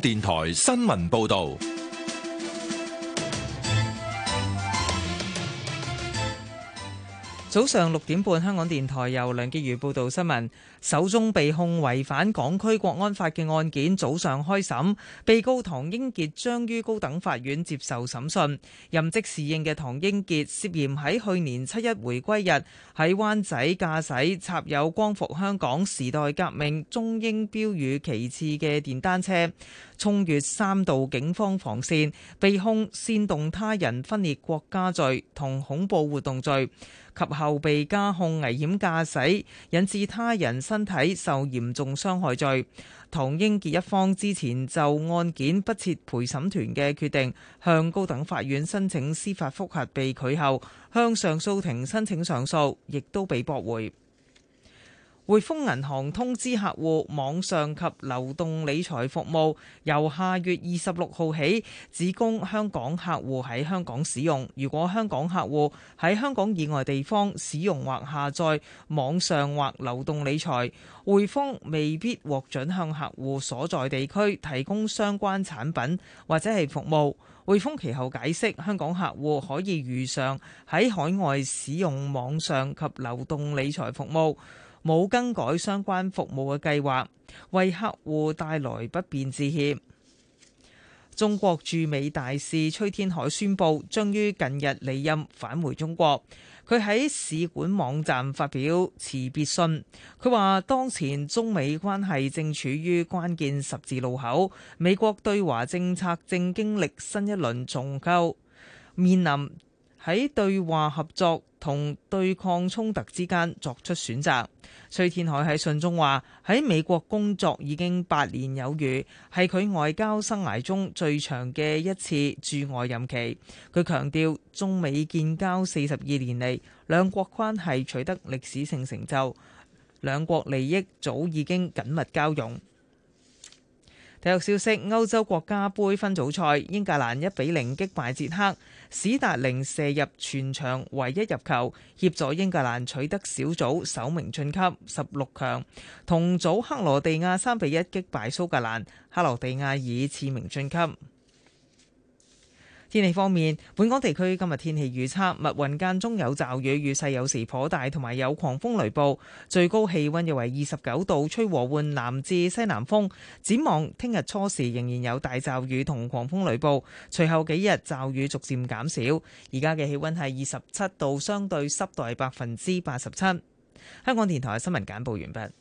電台新聞報道：早上六點半，香港電台由梁潔如報道新聞。首宗被控違反港區國安法嘅案件早上開審，被告唐英傑將於高等法院接受審訊。任職侍應嘅唐英傑涉嫌喺去年七一回歸日喺灣仔駕駛插有“光復香港”時代革命中英標語旗幟嘅電單車。衝越三道警方防線，被控煽動他人分裂國家罪同恐怖活動罪，及後被加控危險駕駛，引致他人身體受嚴重傷害罪。唐英傑一方之前就案件不設陪審團嘅決定，向高等法院申請司法覆核被拒後，向上訴庭申請上訴，亦都被駁回。匯豐銀行通知客戶，網上及流動理財服務由下月二十六號起只供香港客戶喺香港使用。如果香港客戶喺香港以外地方使用或下載網上或流動理財，匯豐未必獲准向客戶所在地區提供相關產品或者係服務。匯豐其後解釋，香港客戶可以如常喺海外使用網上及流動理財服務。冇更改相關服務嘅計劃，為客戶帶來不便致歉。中國駐美大使崔天凱宣布，將於近日離任返回中國。佢喺使館網站發表辭別信，佢話當前中美關係正處於關鍵十字路口，美國對華政策正經歷新一輪重構，面臨喺對話合作同對抗衝突之間作出選擇。崔天凱喺信中話：喺美國工作已經八年有餘，係佢外交生涯中最長嘅一次駐外任期。佢強調，中美建交四十二年嚟，兩國關係取得歷史性成就，兩國利益早已經緊密交融。體育消息：歐洲國家盃分組賽，英格蘭一比零擊敗捷克，史達寧射入全場唯一入球，協助英格蘭取得小組首名晉級十六強。同組克羅地亞三比一擊敗蘇格蘭，克羅地亞以次名晉級。天氣方面，本港地區今日天氣預測，密雲間中有驟雨，雨勢有時頗大，同埋有狂風雷暴，最高氣溫約為二十九度，吹和緩南至西南風。展望聽日初時仍然有大驟雨同狂風雷暴，隨後幾日驟雨逐漸減少。而家嘅氣溫係二十七度，相對濕度係百分之八十七。香港電台新聞簡報完畢。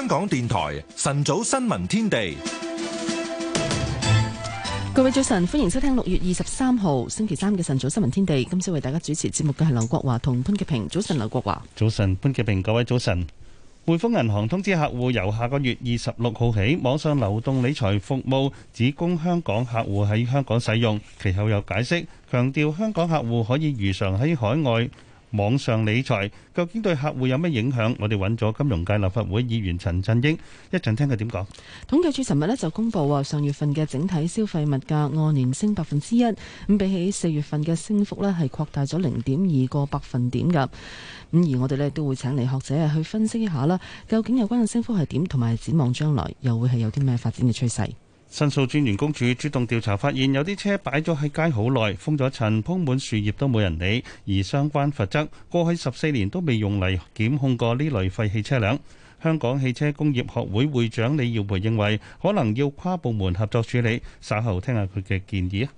香港電台晨早新聞天地，各位早晨，歡迎收聽六月二十三號星期三嘅晨早新聞天地。今次為大家主持節目嘅係劉國華同潘潔平。早晨，劉國華。早晨，潘潔平。各位早晨。匯豐銀行通知客戶，由下個月二十六號起，網上流動理財服務只供香港客戶喺香港使用。其後又解釋，強調香港客戶可以如常喺海外。網上理財究竟對客戶有咩影響？我哋揾咗金融界立法會議員陳振英，一陣聽佢點講。統計處尋日咧就公布啊，上月份嘅整體消費物價按年升百分之一，咁比起四月份嘅升幅咧係擴大咗零點二個百分點噶。咁而我哋咧都會請嚟學者去分析一下啦，究竟有關嘅升幅係點，同埋展望將來又會係有啲咩發展嘅趨勢。申訴專員公署主,主動調查，發現有啲車擺咗喺街好耐，封咗塵，鋪滿樹葉都冇人理，而相關罰則過去十四年都未用嚟檢控過呢類廢棄車輛。香港汽車工業學會會長李耀培認為，可能要跨部門合作處理。稍後聽下佢嘅建議啊！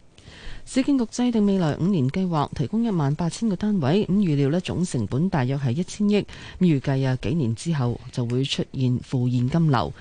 市建局制定未來五年計劃，提供一萬八千個單位，咁預料呢總成本大約係一千億，咁預計啊幾年之後就會出現負現金流。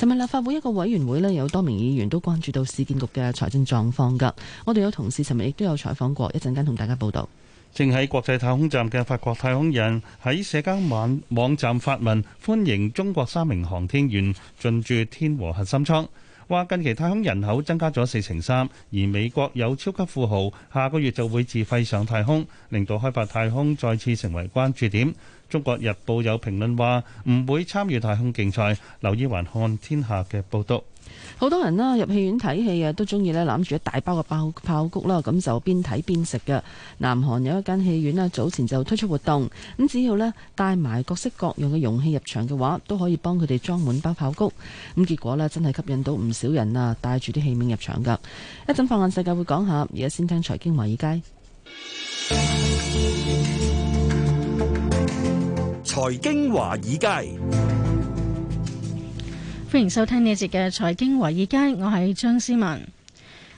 琴日立法會一個委員會呢，有多名議員都關注到市建局嘅財政狀況㗎。我哋有同事琴日亦都有採訪過，一陣間同大家報道。正喺國際太空站嘅法國太空人喺社交網網站發文，歡迎中國三名航天員進駐天和核心艙，話近期太空人口增加咗四成三，而美國有超級富豪下個月就會自費上太空，令到開發太空再次成為關注點。《中國日報有評論》有評論，話唔會參與太空競賽。留意環看天下嘅報道。好多人啦，啊，入戲院睇戲啊，都中意咧攬住一大包嘅爆爆谷啦，啊，咁就邊睇邊食嘅。南韓有一間戲院啦，啊，早前就推出活動，咁只要咧帶埋各式各樣嘅容器入場嘅話，都可以幫佢哋裝滿爆爆谷。咁，嗯、結果咧真係吸引到唔少人啊，帶住啲器皿入場噶。一陣放眼世界會講下，而家先聽財經華爾街。財經華爾街，歡迎收聽呢節嘅財經華爾街，我係張思文。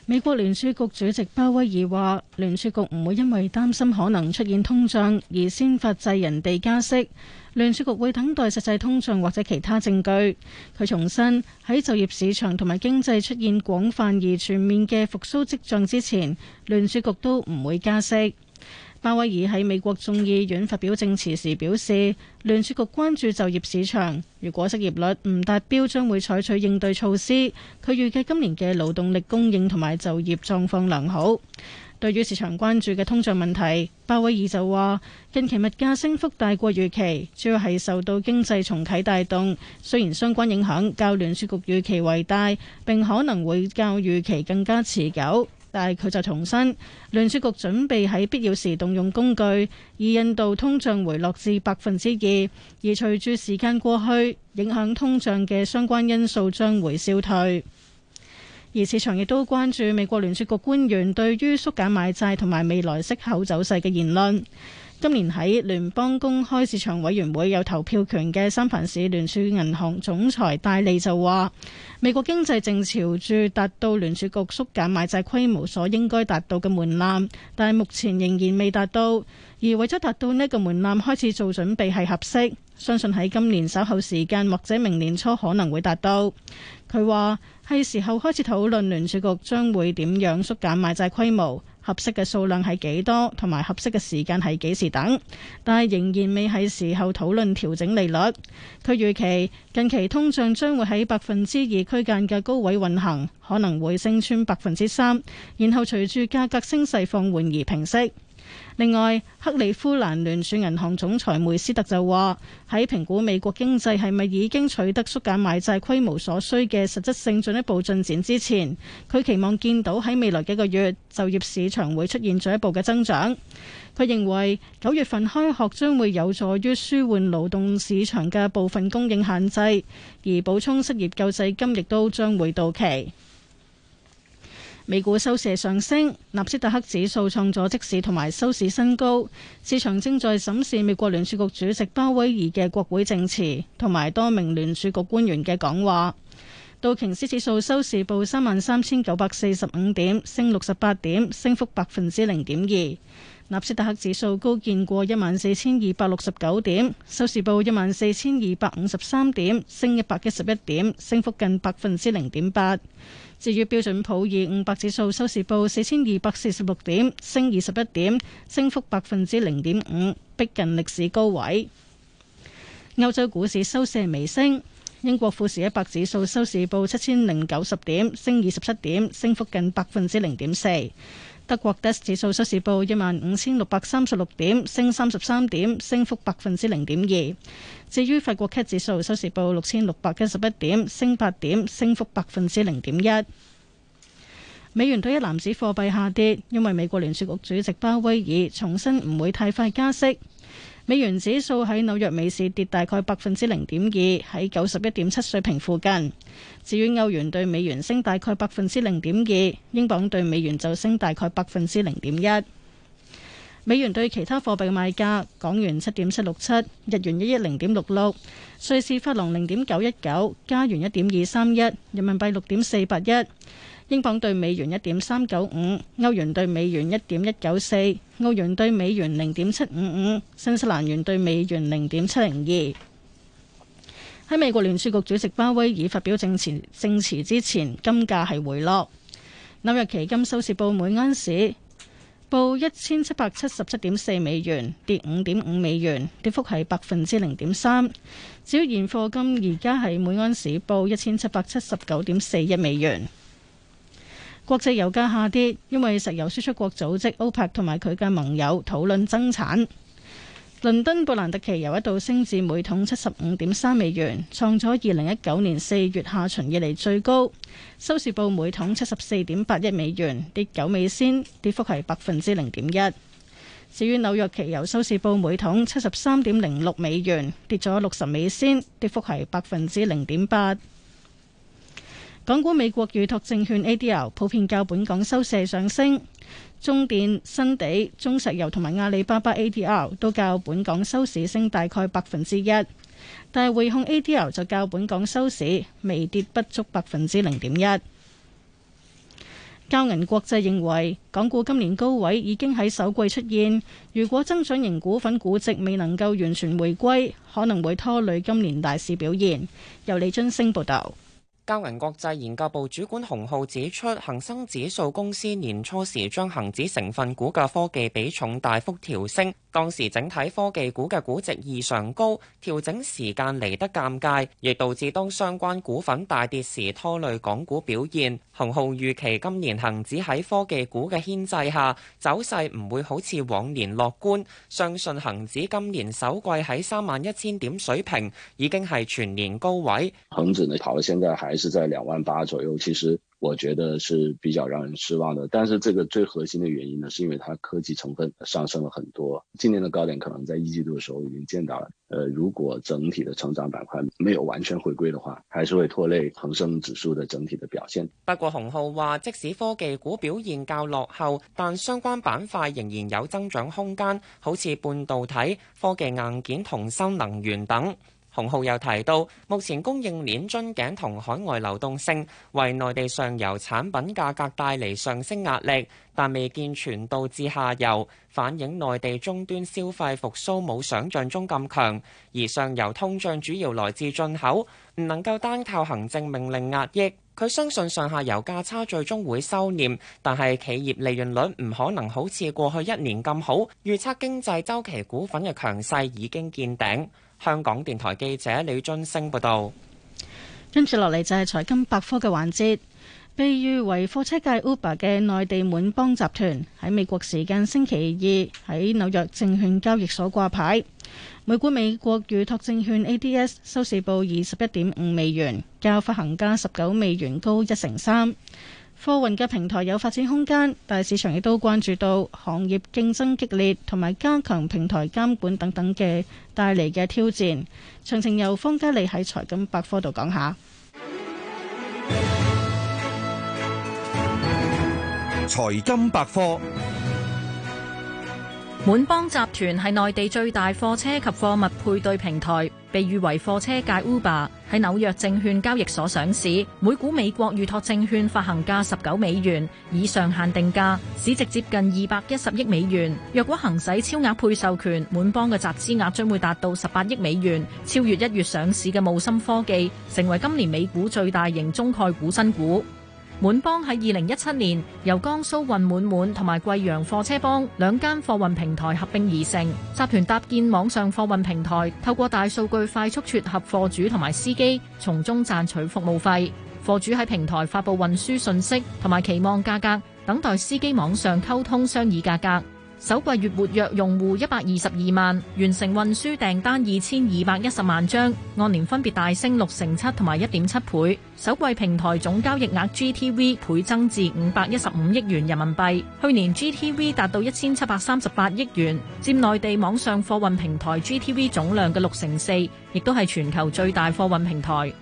美國聯儲局主席鮑威爾話，聯儲局唔會因為擔心可能出現通脹而先發制人地加息，聯儲局會等待實際通脹或者其他證據。佢重申喺就業市場同埋經濟出現廣泛而全面嘅復甦跡象之前，聯儲局都唔會加息。鮑威爾喺美國眾議院發表證詞時表示，聯儲局關注就業市場，如果失業率唔達標，將會採取應對措施。佢預計今年嘅勞動力供應同埋就業狀況良好。對於市場關注嘅通脹問題，鮑威爾就話：近期物價升幅大過預期，主要係受到經濟重啟帶動。雖然相關影響較聯儲局預期為大，並可能會較預期更加持久。但係佢就重申，聯儲局準備喺必要時動用工具，以引導通脹回落至百分之二，而隨住時間過去，影響通脹嘅相關因素將會消退。而市場亦都關注美國聯儲局官員對於縮減買債同埋未來息口走勢嘅言論。今年喺聯邦公開市場委員會有投票權嘅三藩市聯儲銀行總裁戴利就話：美國經濟正朝住達到聯儲局縮減買債規模所應該達到嘅門檻，但係目前仍然未達到。而為咗達到呢個門檻，開始做準備係合適。相信喺今年稍後時間或者明年初可能會達到。佢話係時候開始討論聯儲局將會點樣縮減買債規模。合適嘅數量係幾多，同埋合適嘅時間係幾時等，但係仍然未係時候討論調整利率。佢預期近期通脹將會喺百分之二區間嘅高位運行，可能會升穿百分之三，然後隨住價格升勢放緩而平息。另外，克里夫蘭聯儲銀行總裁梅斯特就話：喺評估美國經濟係咪已經取得縮減買債規模所需嘅實質性進一步進展之前，佢期望見到喺未來幾個月就業市場會出現進一步嘅增長。佢認為九月份開學將會有助於舒緩勞動市場嘅部分供應限制，而補充失業救濟金亦都將會到期。美股收市上升，納斯達克指數創咗即市同埋收市新高。市場正在審視美國聯儲局主席鮑威爾嘅國會證詞，同埋多名聯儲局官員嘅講話。道瓊斯指數收市報三萬三千九百四十五點，升六十八點，升幅百分之零點二。納斯達克指數高見過一萬四千二百六十九點，收市報一萬四千二百五十三點，升一百一十一點，升幅近百分之零點八。至於標準普爾五百指數收市報四千二百四十六點，升二十一點，升幅百分之零點五，逼近歷史高位。歐洲股市收市微升，英國富時一百指數收市報七千零九十點，升二十七點，升幅近百分之零點四。德國 DAX 指數收市報一萬五千六百三十六點，升三十三點，升幅百分之零點二。至於法國 CAC 指數收市報六千六百一十一點，升八點，升幅百分之零點一。美元對一籃子貨幣下跌，因為美國聯儲局主席鮑威爾重申唔會太快加息。美元指數喺紐約美市跌大概百分之零點二，喺九十一點七水平附近。至於歐元對美元升大概百分之零點二，英鎊對美元就升大概百分之零點一。美元對其他貨幣賣價：港元七點七六七，日元一一零點六六，瑞士法郎零點九一九，加元一點二三一，人民幣六點四八一。英鎊兌美元一點三九五，歐元兌美元一點一九四，澳元兌美元零點七五五，新西蘭元兌美元零點七零二。喺美國聯儲局主席鮑威爾發表證前證詞之前，金價係回落。紐約期金收市報每盎司報一千七百七十七點四美元，跌五點五美元，跌幅係百分之零點三。至於現貨金而家係每盎司報一千七百七十九點四一美元。國際油價下跌，因為石油輸出國組織歐佩克同埋佢嘅盟友討論增產。倫敦布蘭特期油一度升至每桶七十五點三美元，創咗二零一九年四月下旬以嚟最高。收市報每桶七十四點八一美元，跌九美仙，跌幅係百分之零點一。至於紐約期油收市報每桶七十三點零六美元，跌咗六十美仙，跌幅係百分之零點八。港股美國預託證券 A.D.L 普遍較本港收市上升，中電、新地、中石油同埋阿里巴巴 A.D.L 都較本港收市升大概百分之一，但係匯控 A.D.L 就較本港收市微跌不足百分之零點一。交銀國際認為，港股今年高位已經喺首季出現，如果增長型股份估值未能夠完全回歸，可能會拖累今年大市表現。由李津升報道。交銀國際研究部主管洪浩指出，恒生指數公司年初時將恒指成分股嘅科技比重大幅調升，當時整體科技股嘅估值異常高，調整時間嚟得尷尬，亦導致當相關股份大跌時拖累港股表現。洪浩預期今年恒指喺科技股嘅牽制下走勢唔會好似往年樂觀，相信恒指今年首季喺三萬一千點水平已經係全年高位。是在兩萬八左右，其實我覺得是比較讓人失望的。但是這個最核心的原因呢，是因為它科技成分上升了很多。今年的高點可能在一季度的時候已經見到了。呃，如果整體的成長板塊沒有完全回歸的話，還是會拖累恒生指數的整體的表現。不過洪浩話，即使科技股表現較落後，但相關板塊仍然有增長空間，好似半導體、科技硬件同新能源等。洪浩又提到，目前供應鏈樽頸同海外流動性為內地上游產品價格帶嚟上升壓力，但未見全導致下游反映內地終端消費復蘇冇想象中咁強，而上游通脹主要來自進口，唔能夠單靠行政命令壓抑。佢相信上下游價差最終會收斂，但係企業利潤率唔可能好似過去一年咁好。預測經濟周期股份嘅強勢已經見頂。香港電台記者李俊升報道，跟住落嚟就係財經百科嘅環節。被譽為貨車界 Uber 嘅內地滿幫集團喺美國時間星期二喺紐約證券交易所掛牌，每股美國預託證券 ADS 收市報二十一點五美元，較發行價十九美元高一成三。貨運嘅平台有發展空間，但市場亦都關注到行業競爭激烈，同埋加強平台監管等等嘅帶嚟嘅挑戰。詳情由方佳利喺財金百科度講下。財金百科。滿幫集團係內地最大貨車及貨物配對平台，被譽為貨車界 Uber，喺紐約證券交易所上市，每股美國預託證券發行價十九美元，以上限定價，市值接近二百一十億美元。若果行使超額配售權，滿幫嘅集資額將會達到十八億美元，超越一月上市嘅霧芯科技，成為今年美股最大型中概股新股。滿幫喺二零一七年由江蘇運滿滿同埋貴陽貨車幫兩間貨運平台合併而成，集團搭建網上貨運平台，透過大數據快速撮合貨主同埋司機，從中賺取服務費。貨主喺平台發佈運輸信息同埋期望價格，等待司機網上溝通商議價格。首季月活躍用戶一百二十二萬，完成運輸訂單二千二百一十萬張，按年分別大升六成七同埋一點七倍。首季平台總交易額 GTV 倍增至五百一十五億元人民幣，去年 GTV 達到一千七百三十八億元，佔內地網上貨運平台 GTV 總量嘅六成四，亦都係全球最大貨運平台。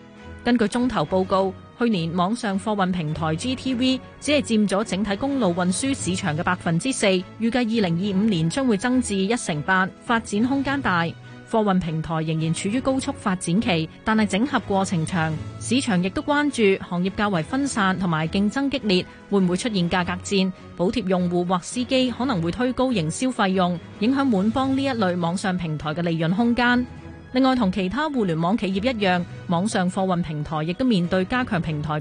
根據中投報告。去年，網上貨運平台 GTV 只係佔咗整體公路運輸市場嘅百分之四，預計二零二五年將會增至一成八，發展空間大。貨運平台仍然處於高速發展期，但係整合過程長。市場亦都關注行業較為分散同埋競爭激烈，會唔會出現價格戰？補貼用戶或司機可能會推高營銷費用，影響滿幫呢一類網上平台嘅利潤空間。另外，同其他互聯網企業一樣，網上貨運平台亦都面對加強平台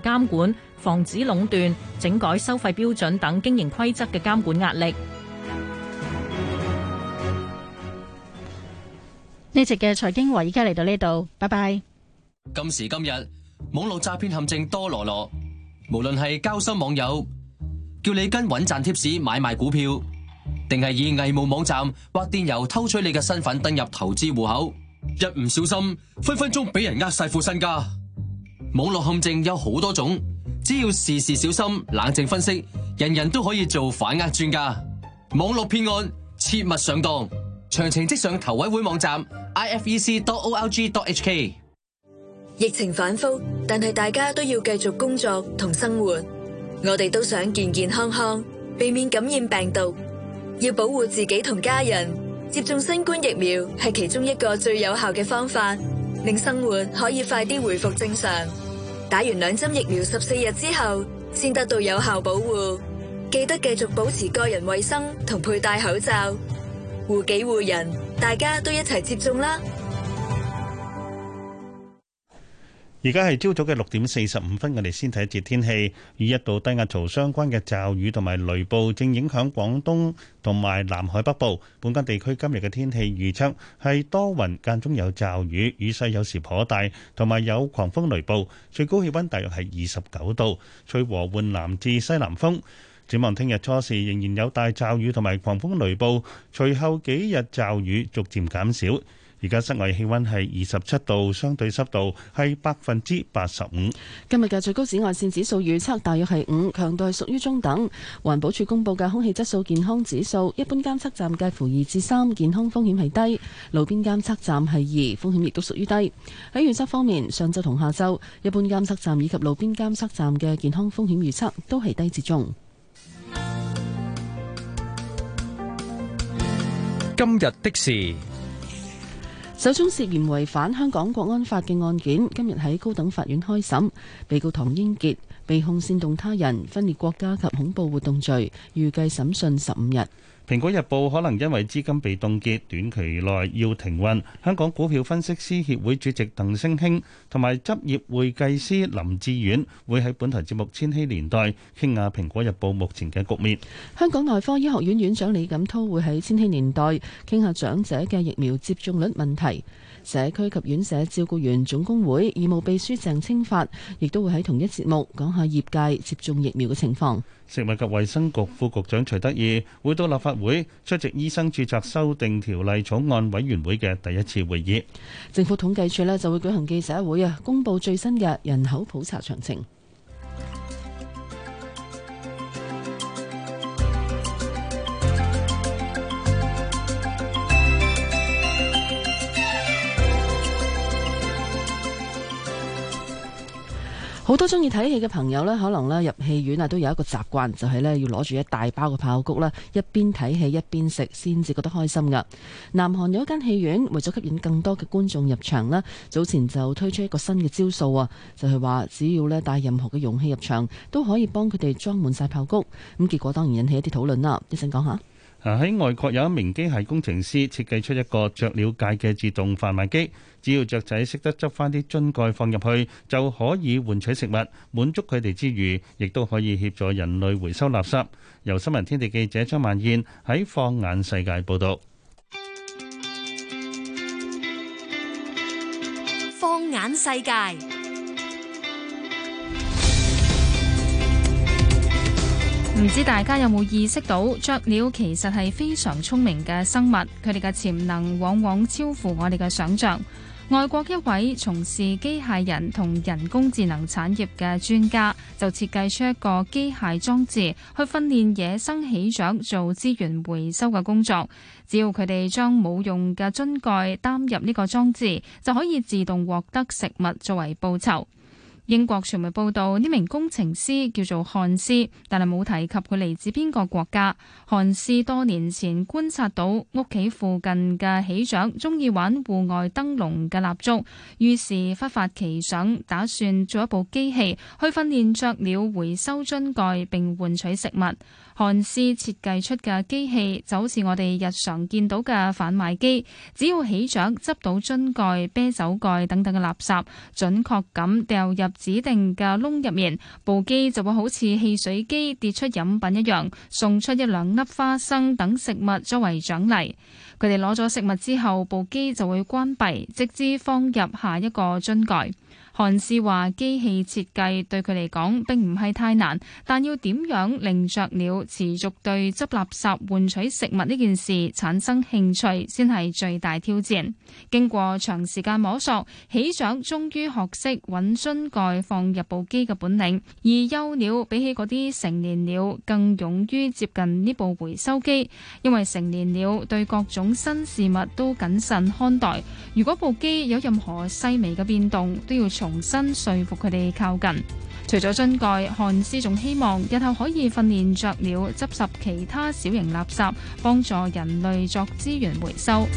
一唔小心，分分鐘俾人呃晒副身家。網絡陷阱有好多種，只要時時小心，冷靜分析，人人都可以做反呃專家。網絡騙案切勿上當，詳情即上投委會網站 ifec.org.hk。疫情反覆，但係大家都要繼續工作同生活。我哋都想健健康康，避免感染病毒，要保護自己同家人。接種新冠疫苗係其中一個最有效嘅方法，令生活可以快啲回復正常。打完兩針疫苗十四日之後，先得到有效保護。記得繼續保持個人衛生同佩戴口罩，護己護人，大家都一齊接種啦。而家係朝早嘅六點四十五分，我哋先睇一節天氣。與一道低壓槽相關嘅驟雨同埋雷暴正影響廣東同埋南海北部。本間地區今日嘅天氣預測係多雲間中有驟雨，雨勢有時頗大，同埋有狂風雷暴。最高氣溫大約係二十九度，吹和緩南至西南風。展望聽日初時仍然有大驟雨同埋狂風雷暴，隨後幾日驟雨逐漸減少。而家室外氣溫係二十七度，相對濕度係百分之八十五。今日嘅最高紫外線指數預測大約係五，強度係屬於中等。環保署公布嘅空氣質素健康指數，一般監測站介乎二至三，健康風險係低；路邊監測站係二，風險亦都屬於低。喺預測方面，上晝同下晝，一般監測站以及路邊監測站嘅健康風險預測都係低至中。今日的事。首宗涉嫌違反香港國安法嘅案件，今日喺高等法院開審。被告唐英傑被控煽動他人分裂國家及恐怖活動罪，預計審訊十五日。香港內科醫學院院長李錦濤會喺千禧年代，社區及院舍照顧員總工會義務秘書鄭清發，亦都會喺同一節目講下業界接種疫苗嘅情況。食物及衛生局副局長徐德義會到立法會出席醫生註冊修訂條例草案委員會嘅第一次會議。政府統計處呢就會舉行記者會啊，公布最新嘅人口普查詳情。好多中意睇戲嘅朋友呢，可能咧入戲院啊，都有一個習慣，就係呢要攞住一大包嘅爆穀啦，一邊睇戲一邊食，先至覺得開心噶南韓有一間戲院為咗吸引更多嘅觀眾入場呢，早前就推出一個新嘅招數啊，就係話只要呢帶任何嘅容器入場，都可以幫佢哋裝滿晒爆穀。咁結果當然引起一啲討論啦。一陣講下。喺外國有一名機械工程師設計出一個雀鳥界嘅自動販賣機。只要雀仔識得執翻啲樽蓋放入去，就可以換取食物，滿足佢哋之餘，亦都可以協助人類回收垃圾。由新聞天地記者張曼燕喺《放眼世界》報道。《放眼世界》，唔知大家有冇意識到，雀鳥其實係非常聰明嘅生物，佢哋嘅潛能往往超乎我哋嘅想像。外國一位從事機械人同人工智能產業嘅專家，就設計出一個機械裝置，去訓練野生企鵝做資源回收嘅工作。只要佢哋將冇用嘅樽蓋擔入呢個裝置，就可以自動獲得食物作為報酬。英國傳媒報道，呢名工程師叫做漢斯，但係冇提及佢嚟自邊個國家。漢斯多年前觀察到屋企附近嘅喜鵲鍾意玩戶外燈籠嘅蠟燭，於是忽發奇想，打算做一部機器去訓練雀鳥回收樽蓋並換取食物。漢斯設計出嘅機器就好似我哋日常見到嘅販賣機，只要起獎執到樽蓋、啤酒蓋等等嘅垃圾，準確咁掉入指定嘅窿入面，部機就會好似汽水機跌出飲品一樣，送出一兩粒花生等食物作為獎勵。佢哋攞咗食物之後，部機就會關閉，直至放入下一個樽蓋。韓士話：機器設計對佢嚟講並唔係太難，但要點樣令雀鳥持續對執垃圾換取食物呢件事產生興趣，先係最大挑戰。經過長時間摸索，喜鳥終於學識揾樽蓋放入部機嘅本領。而幼鳥比起嗰啲成年鳥更勇於接近呢部回收機，因為成年鳥對各種新事物都謹慎看待。如果部機有任何細微嘅變動，都要從重新說服佢哋靠近。除咗樽蓋，漢斯仲希望日後可以訓練雀鳥執拾其他小型垃圾，幫助人類作資源回收。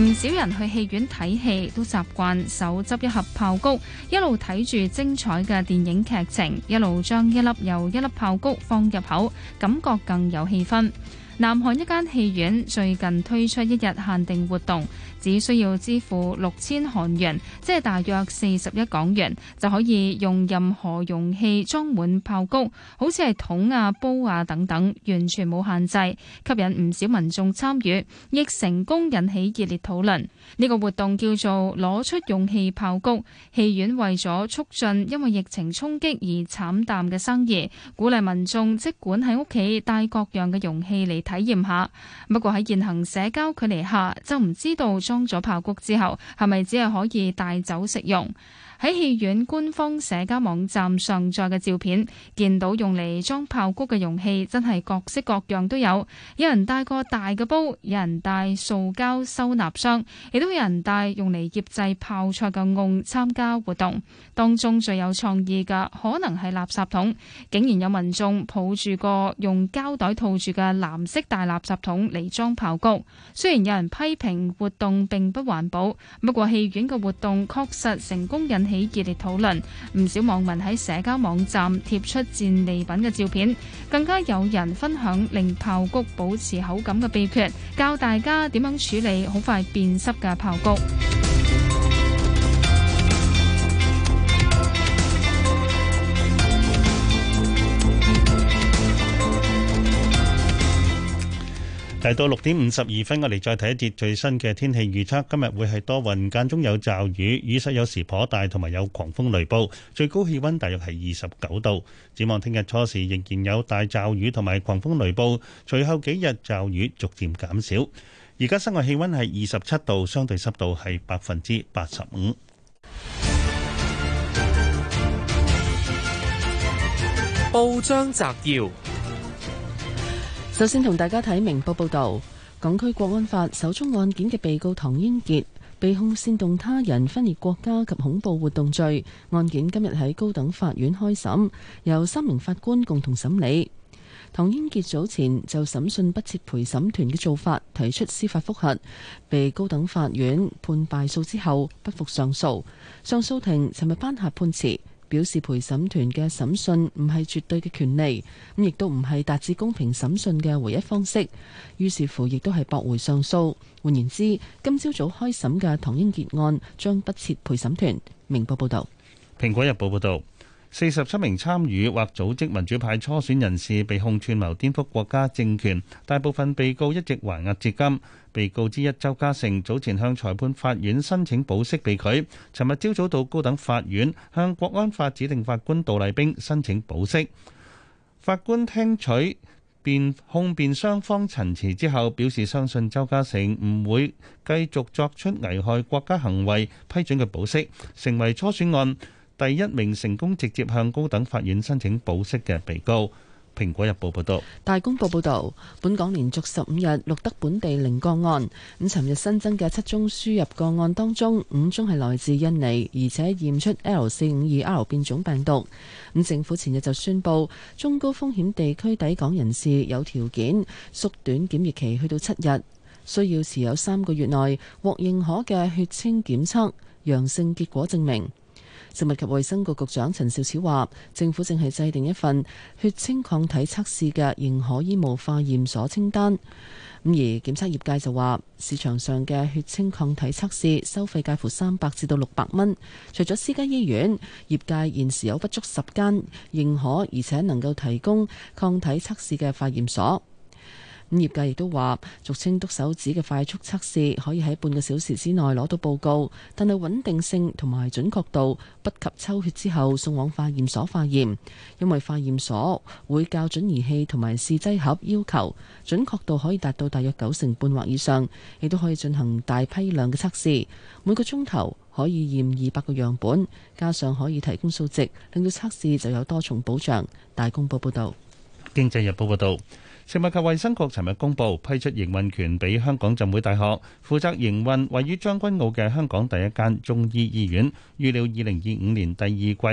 唔 少人去戲院睇戲都習慣手執一盒爆谷，一路睇住精彩嘅電影劇情，一路將一粒又一粒爆谷放入口，感覺更有氣氛。南韓一間戲院最近推出一日限定活動，只需要支付六千韓元，即係大約四十一港元，就可以用任何容器裝滿爆谷，好似係桶啊、煲啊等等，完全冇限制，吸引唔少民眾參與，亦成功引起熱烈討論。呢個活動叫做攞出勇氣爆谷，戲院為咗促進因為疫情衝擊而慘淡嘅生意，鼓勵民眾即管喺屋企帶各樣嘅容器嚟體驗下。不過喺現行社交距離下，就唔知道裝咗爆谷之後係咪只係可以帶走食用。喺戲院官方社交網站上載嘅照片，見到用嚟裝炮谷嘅容器真係各式各樣都有。有人帶個大嘅煲，有人帶塑膠收納箱，亦都有人帶用嚟醃製泡菜嘅甕參加活動。當中最有創意嘅可能係垃圾桶，竟然有民眾抱住個用膠袋套住嘅藍色大垃圾桶嚟裝炮谷。雖然有人批評活動並不環保，不過戲院嘅活動確實成功引起起熱烈討論，唔少網民喺社交網站貼出戰利品嘅照片，更加有人分享令爆谷保持口感嘅秘訣，教大家點樣處理好快變濕嘅爆谷。嚟到六點五十二分，我哋再睇一節最新嘅天氣預測。今日會係多雲，間中有驟雨，雨勢有時頗大，同埋有狂風雷暴。最高氣溫大約係二十九度。展望聽日初時仍然有大驟雨同埋狂風雷暴，隨後幾日驟雨逐漸減少。而家室外氣溫係二十七度，相對濕度係百分之八十五。報章摘要。首先同大家睇明報報道，港區國安法首宗案件嘅被告唐英傑被控煽動他人分裂國家及恐怖活動罪，案件今日喺高等法院開審，由三名法官共同審理。唐英傑早前就審訊不設陪審團嘅做法提出司法復核，被高等法院判敗訴之後，不服上訴，上訴庭尋日頒下判詞。表示陪審團嘅審訊唔係絕對嘅權利，咁亦都唔係達至公平審訊嘅唯一方式。於是乎，亦都係駁回上訴。換言之，今朝早開審嘅唐英傑案將不設陪審團。明報報導，《蘋果日報》報導，四十七名參與或組織民主派初選人士被控串謀顛覆國家政權，大部分被告一直還押至今。被告之一周家成早前向裁判法院申請保釋被拒，尋日朝早到高等法院向國安法指定法官杜麗冰申請保釋。法官聽取辯控辯雙方陳詞之後，表示相信周家成唔會繼續作出危害國家行為，批准嘅保釋，成為初選案第一名成功直接向高等法院申請保釋嘅被告。蘋果日報報道，大公報報道，本港連續十五日錄得本地零個案。咁尋日新增嘅七宗輸入個案當中，五宗係來自印尼，而且驗出 L 四五二 R 變種病毒。咁政府前日就宣布，中高風險地區抵港人士有條件縮短檢疫期，去到七日，需要持有三個月內獲認可嘅血清檢測陽性結果證明。食物及衛生局局長陳肇始話：政府正係制定一份血清抗體測試嘅認可醫務化驗所清單。咁而檢測業界就話，市場上嘅血清抗體測試收費介乎三百至到六百蚊。除咗私家醫院，業界現時有不足十間認可而且能夠提供抗體測試嘅化驗所。業界亦都話，俗稱篤手指嘅快速測試可以喺半個小時之內攞到報告，但係穩定性同埋準確度不及抽血之後送往化驗所化驗。因為化驗所會校準儀器同埋試劑盒，要求準確度可以達到大約九成半或以上，亦都可以進行大批量嘅測試，每個鐘頭可以驗二百個樣本，加上可以提供數值，令到測試就有多重保障。《大公報》報道。《經濟日報》報道。食物及衛生局尋日公布，批出營運權俾香港浸會大學，負責營運位於將軍澳嘅香港第一間中醫醫院，預料二零二五年第二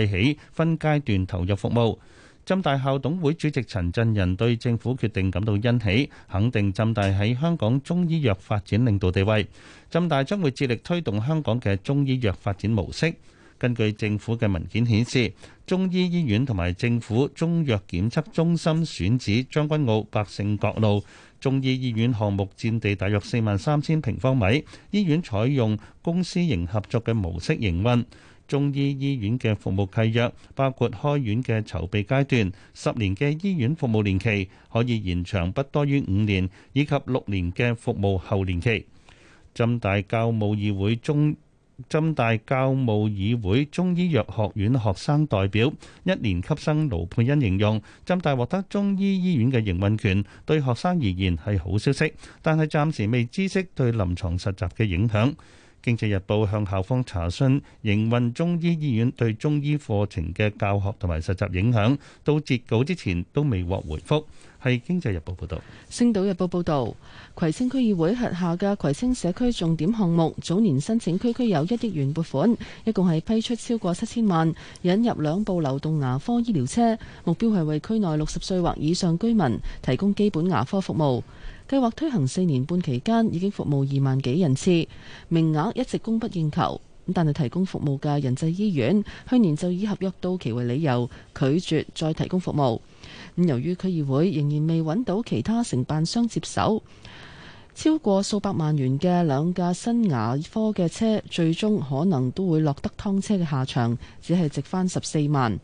季起分階段投入服務。浸大校董會主席陳振仁對政府決定感到欣喜，肯定浸大喺香港中醫藥發展領導地位。浸大將會致力推動香港嘅中醫藥發展模式。根據政府嘅文件顯示，中醫醫院同埋政府中藥檢測中心選址將軍澳百勝角路。中醫醫院項目佔地大約四萬三千平方米，醫院採用公私營合作嘅模式營運。中醫醫院嘅服務契約包括開院嘅籌備階段、十年嘅醫院服務年期可以延長不多於五年，以及六年嘅服務後年期。浸大教務議會中浸大教務議會中醫藥學院學生代表一年級生盧佩欣形容，浸大獲得中醫醫院嘅營運權，對學生而言係好消息，但係暫時未知悉對臨床實習嘅影響。經濟日報向校方查詢營運中醫醫院對中醫課程嘅教學同埋實習影響，到截稿之前都未獲回覆。係《經濟日報》報道，星島日報報道，葵青區議會轄下嘅葵青社區重點項目，早年申請區區有一億元撥款，一共係批出超過七千萬，引入兩部流動牙科醫療車，目標係為區內六十歲或以上居民提供基本牙科服務。計劃推行四年半期間，已經服務二萬幾人次，名額一直供不應求。但係提供服務嘅仁濟醫院，去年就以合約到期為理由，拒絕再提供服務。咁由於區議會仍然未揾到其他承辦商接手，超過數百萬元嘅兩架新牙科嘅車，最終可能都會落得劏車嘅下場，只係值返十四萬。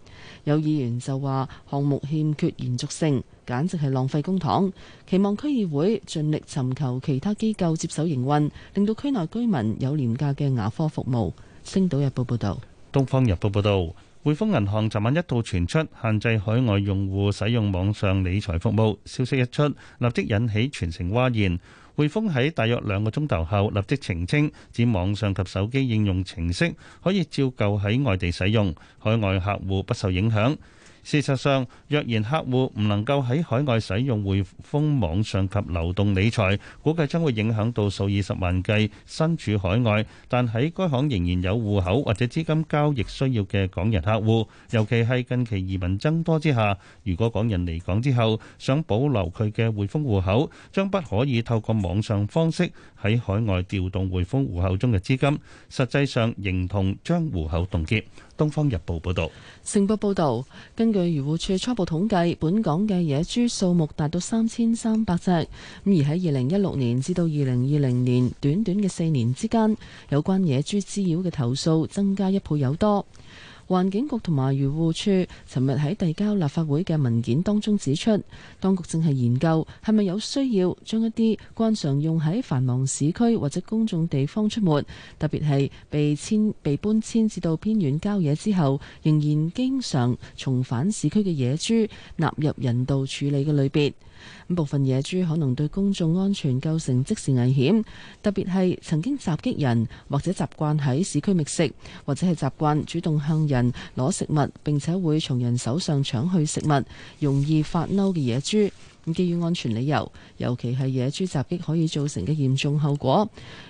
有議員就話項目欠缺延續性，簡直係浪費公帑。期望區議會盡力尋求其他機構接手營運，令到區內居民有廉價嘅牙科服務。星島日報報道。東方日報報導。匯豐銀行昨晚一度傳出限制海外用戶使用網上理財服務，消息一出立即引起全城嘩然。匯豐喺大約兩個鐘頭後立即澄清，指網上及手機應用程式可以照舊喺外地使用，海外客戶不受影響。事實上，若然客戶唔能夠喺海外使用匯豐網上及流動理財，估計將會影響到數以十萬計身處海外但喺該行仍然有戶口或者資金交易需要嘅港人客戶，尤其係近期移民增多之下，如果港人離港之後想保留佢嘅匯豐戶口，將不可以透過網上方式。喺海外調動匯豐戶口中嘅資金，實際上認同將戶口凍結。《東方日報》報道，報導，成報報導，根據漁護署初步統計，本港嘅野豬數目達到三千三百隻。咁而喺二零一六年至到二零二零年短短嘅四年之間，有關野豬滋擾嘅投訴增加一倍有多。環境局同埋漁護處尋日喺遞交立法會嘅文件當中指出，當局正係研究係咪有需要將一啲慣常用喺繁忙市區或者公眾地方出沒，特別係被遷被搬遷至到偏遠郊野之後仍然經常重返市區嘅野豬納入人道處理嘅類別。部分野豬可能對公眾安全構成即時危險，特別係曾經襲擊人或者習慣喺市區覓食，或者係習慣主動向人攞食物，並且會從人手上搶去食物，容易發嬲嘅野豬。咁基於安全理由，尤其係野豬襲擊可以造成嘅嚴重後果，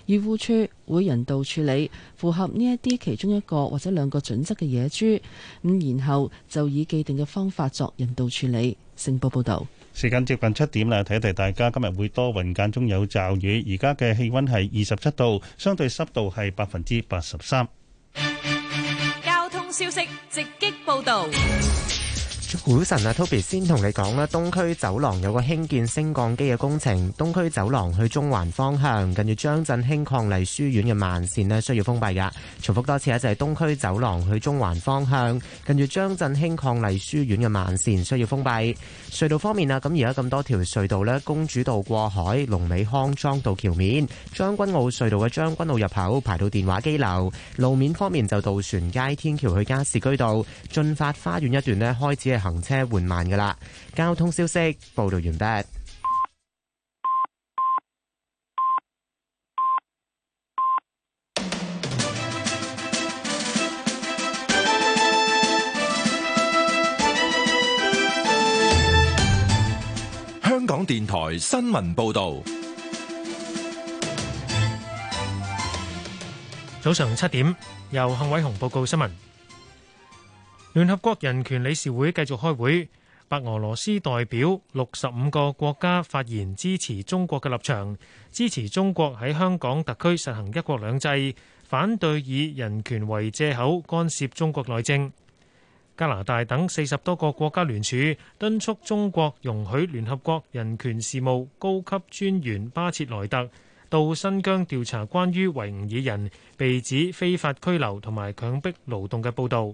漁護處會人道處理符合呢一啲其中一個或者兩個準則嘅野豬，咁然後就以既定嘅方法作人道處理。星報報道。時間接近七點啦，睇一睇大家今日會多雲間中有驟雨。而家嘅氣溫係二十七度，相對濕度係百分之八十三。交通消息直擊報道。股神啊，Toby 先同你講啦，東區走廊有個興建升降機嘅工程，東區走廊去中環方向，近住張振興伉儷書院嘅慢線咧需要封閉噶。重複多次啊，就係、是、東區走廊去中環方向，近住張振興伉儷書院嘅慢線需要封閉。隧道方面啊，咁而家咁多條隧道咧，公主道過海、龍尾康莊道橋面、將軍澳隧道嘅將軍澳入口排到電話機樓。路面方面就渡船街天橋去加士居道、駿發花園一段咧開始係。行車緩慢㗎喇，交通消息報道完畢。香港電台新聞報道，早上七點由幸偉雄報告新聞。聯合國人權理事會繼續開會，白俄羅斯代表六十五個國家發言，支持中國嘅立場，支持中國喺香港特區實行一國兩制，反對以人權為藉口干涉中國內政。加拿大等四十多個國家聯署敦促中國容許聯合國人權事務高級專員巴切萊特到新疆調查關於維吾爾人被指非法拘留同埋強迫勞動嘅報導。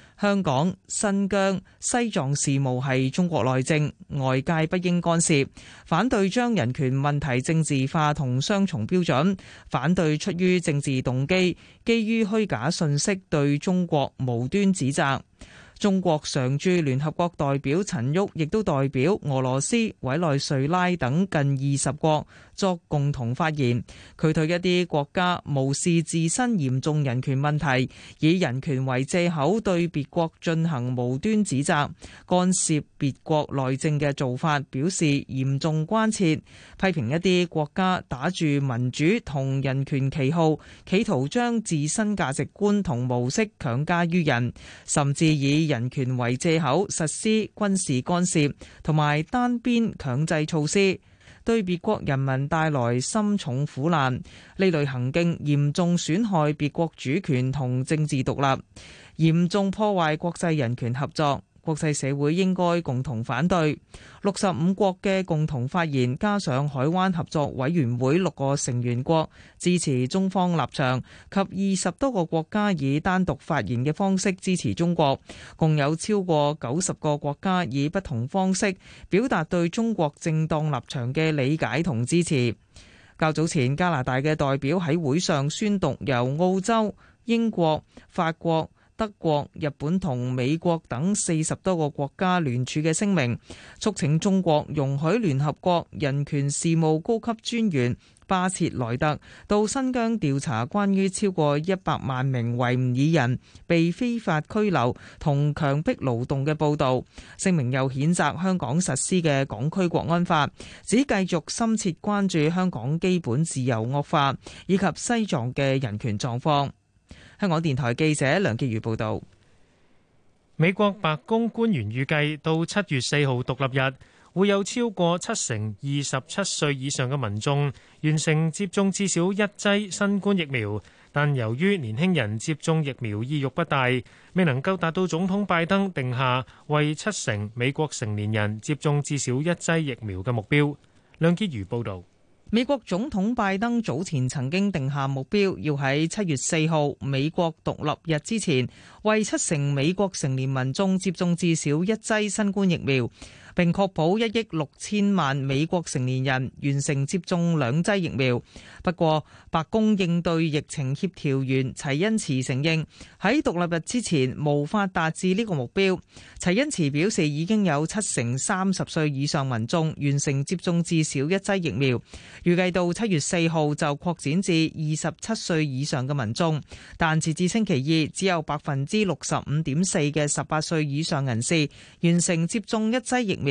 香港、新疆、西藏事務係中國內政，外界不應干涉。反對將人權問題政治化同雙重標準，反對出於政治動機、基於虛假信息對中國無端指責。中國常駐聯合國代表陳旭亦都代表俄羅斯、委內瑞拉等近二十國作共同發言。佢對一啲國家無視自身嚴重人權問題，以人權為借口對別國進行無端指責、干涉別國內政嘅做法表示嚴重關切，批評一啲國家打住民主同人權旗號，企圖將自身價值觀同模式強加於人，甚至以人權為借口實施軍事干涉同埋單邊強制措施，對別國人民帶來深重苦難。呢類行徑嚴重損害別國主權同政治獨立，嚴重破壞國際人權合作。國際社會應該共同反對六十五國嘅共同發言，加上海灣合作委員會六個成員國支持中方立場，及二十多個國家以單獨發言嘅方式支持中國，共有超過九十個國家以不同方式表達對中國正當立場嘅理解同支持。較早前加拿大嘅代表喺會上宣讀由澳洲、英國、法國、德國、日本同美國等四十多個國家聯署嘅聲明，促請中國容許聯合國人權事務高級專員巴切萊特到新疆調查關於超過一百萬名維吾爾人被非法拘留同強迫勞動嘅報導。聲明又譴責香港實施嘅港區國安法，只繼續深切關注香港基本自由惡化以及西藏嘅人權狀況。香港電台記者梁潔如報道，美國白宮官員預計到七月四號獨立日會有超過七成二十七歲以上嘅民眾完成接種至少一劑新冠疫苗，但由於年輕人接種疫苗意欲不大，未能夠達到總統拜登定下為七成美國成年人接種至少一劑疫苗嘅目標。梁潔如報道。美國總統拜登早前曾經定下目標，要喺七月四號美國獨立日之前，為七成美國成年民眾接種至少一劑新冠疫苗。並確保一億六千萬美國成年人完成接種兩劑疫苗。不過，白宮應對疫情協調員齊恩茨承認，喺獨立日之前無法達至呢個目標。齊恩茨表示，已經有七成三十歲以上民眾完成接種至少一劑疫苗，預計到七月四號就擴展至二十七歲以上嘅民眾。但截至星期二，只有百分之六十五點四嘅十八歲以上人士完成接種一劑疫苗。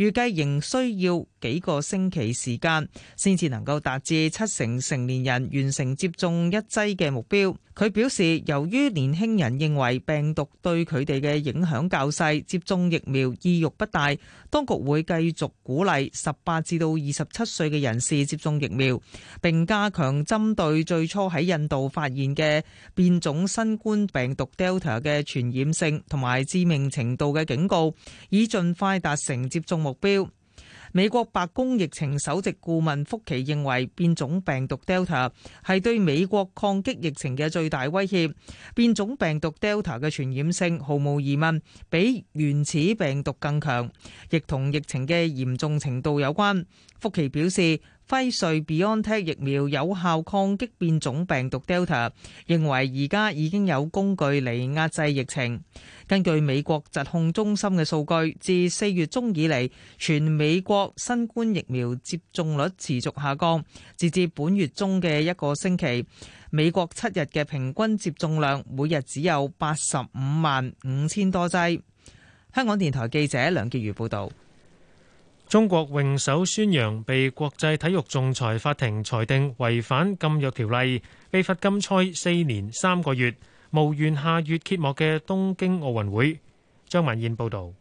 預計仍需要幾個星期時間先至能夠達至七成成年人完成接種一劑嘅目標。佢表示，由於年輕人認為病毒對佢哋嘅影響較細，接種疫苗意欲不大，當局會繼續鼓勵十八至到二十七歲嘅人士接種疫苗，並加強針對最初喺印度發現嘅變種新冠病毒 Delta 嘅傳染性同埋致命程度嘅警告，以盡快達成接種目。目標，美國白宮疫情首席顧問福奇認為，變種病毒 Delta 係對美國抗擊疫情嘅最大威脅。變種病毒 Delta 嘅傳染性毫無疑問，比原始病毒更強，亦同疫情嘅嚴重程度有關。福奇表示。輝瑞 BioNTech 疫苗有效抗擊變種病毒 Delta，認為而家已經有工具嚟壓制疫情。根據美國疾控中心嘅數據，自四月中以嚟，全美國新冠疫苗接種率持續下降，截至本月中嘅一個星期，美國七日嘅平均接種量每日只有八十五萬五千多劑。香港電台記者梁潔如報道。中國泳手孫楊被國際體育仲裁法庭裁定違反禁藥條例，被罰禁賽四年三個月，無緣下月揭幕嘅東京奧運會。張文燕報道。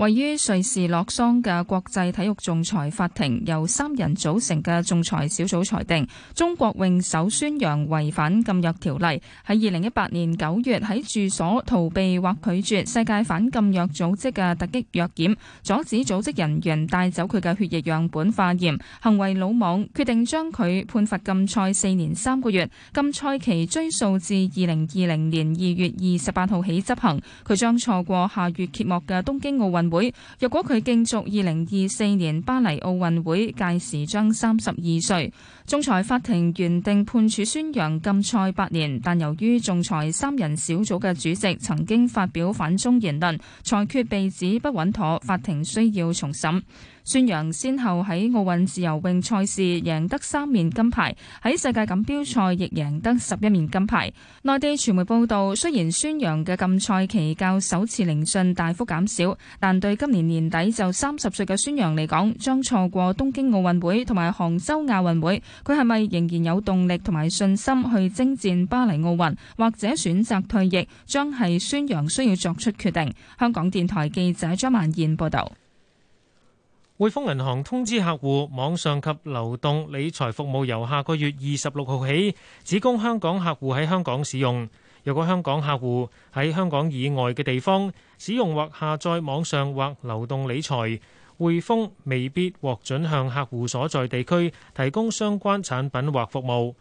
位於瑞士洛桑嘅國際體育仲裁法庭，由三人組成嘅仲裁小組裁定，中國泳手孫楊違反禁藥條例，喺2018年9月喺住所逃避或拒絕世界反禁藥組織嘅突擊藥檢，阻止組織人員帶走佢嘅血液樣本化驗，行為魯莽，決定將佢判罰禁賽四年三個月，禁賽期追溯至2020年2月28號起執行，佢將錯過下月揭幕嘅東京奧運會若果佢競逐二零二四年巴黎奧運會，屆時將三十二歲，仲裁法庭原定判處孫楊禁賽八年，但由於仲裁三人小組嘅主席曾經發表反中言論，裁決被指不穩妥，法庭需要重審。孫楊先後喺奧運自由泳賽事贏得三面金牌，喺世界錦標賽亦贏得十一面金牌。內地傳媒報道，雖然孫楊嘅禁賽期較首次聆訊大幅減少，但對今年年底就三十歲嘅孫楊嚟講，將錯過東京奧運會同埋杭州亞運會，佢係咪仍然有動力同埋信心去征戰巴黎奧運，或者選擇退役，將係孫楊需要作出決定。香港電台記者張曼燕報道。匯豐銀行通知客戶，網上及流動理財服務由下個月二十六號起只供香港客戶喺香港使用。若果香港客戶喺香港以外嘅地方使用或下載網上或流動理財，匯豐未必獲准向客戶所在地區提供相關產品或服務。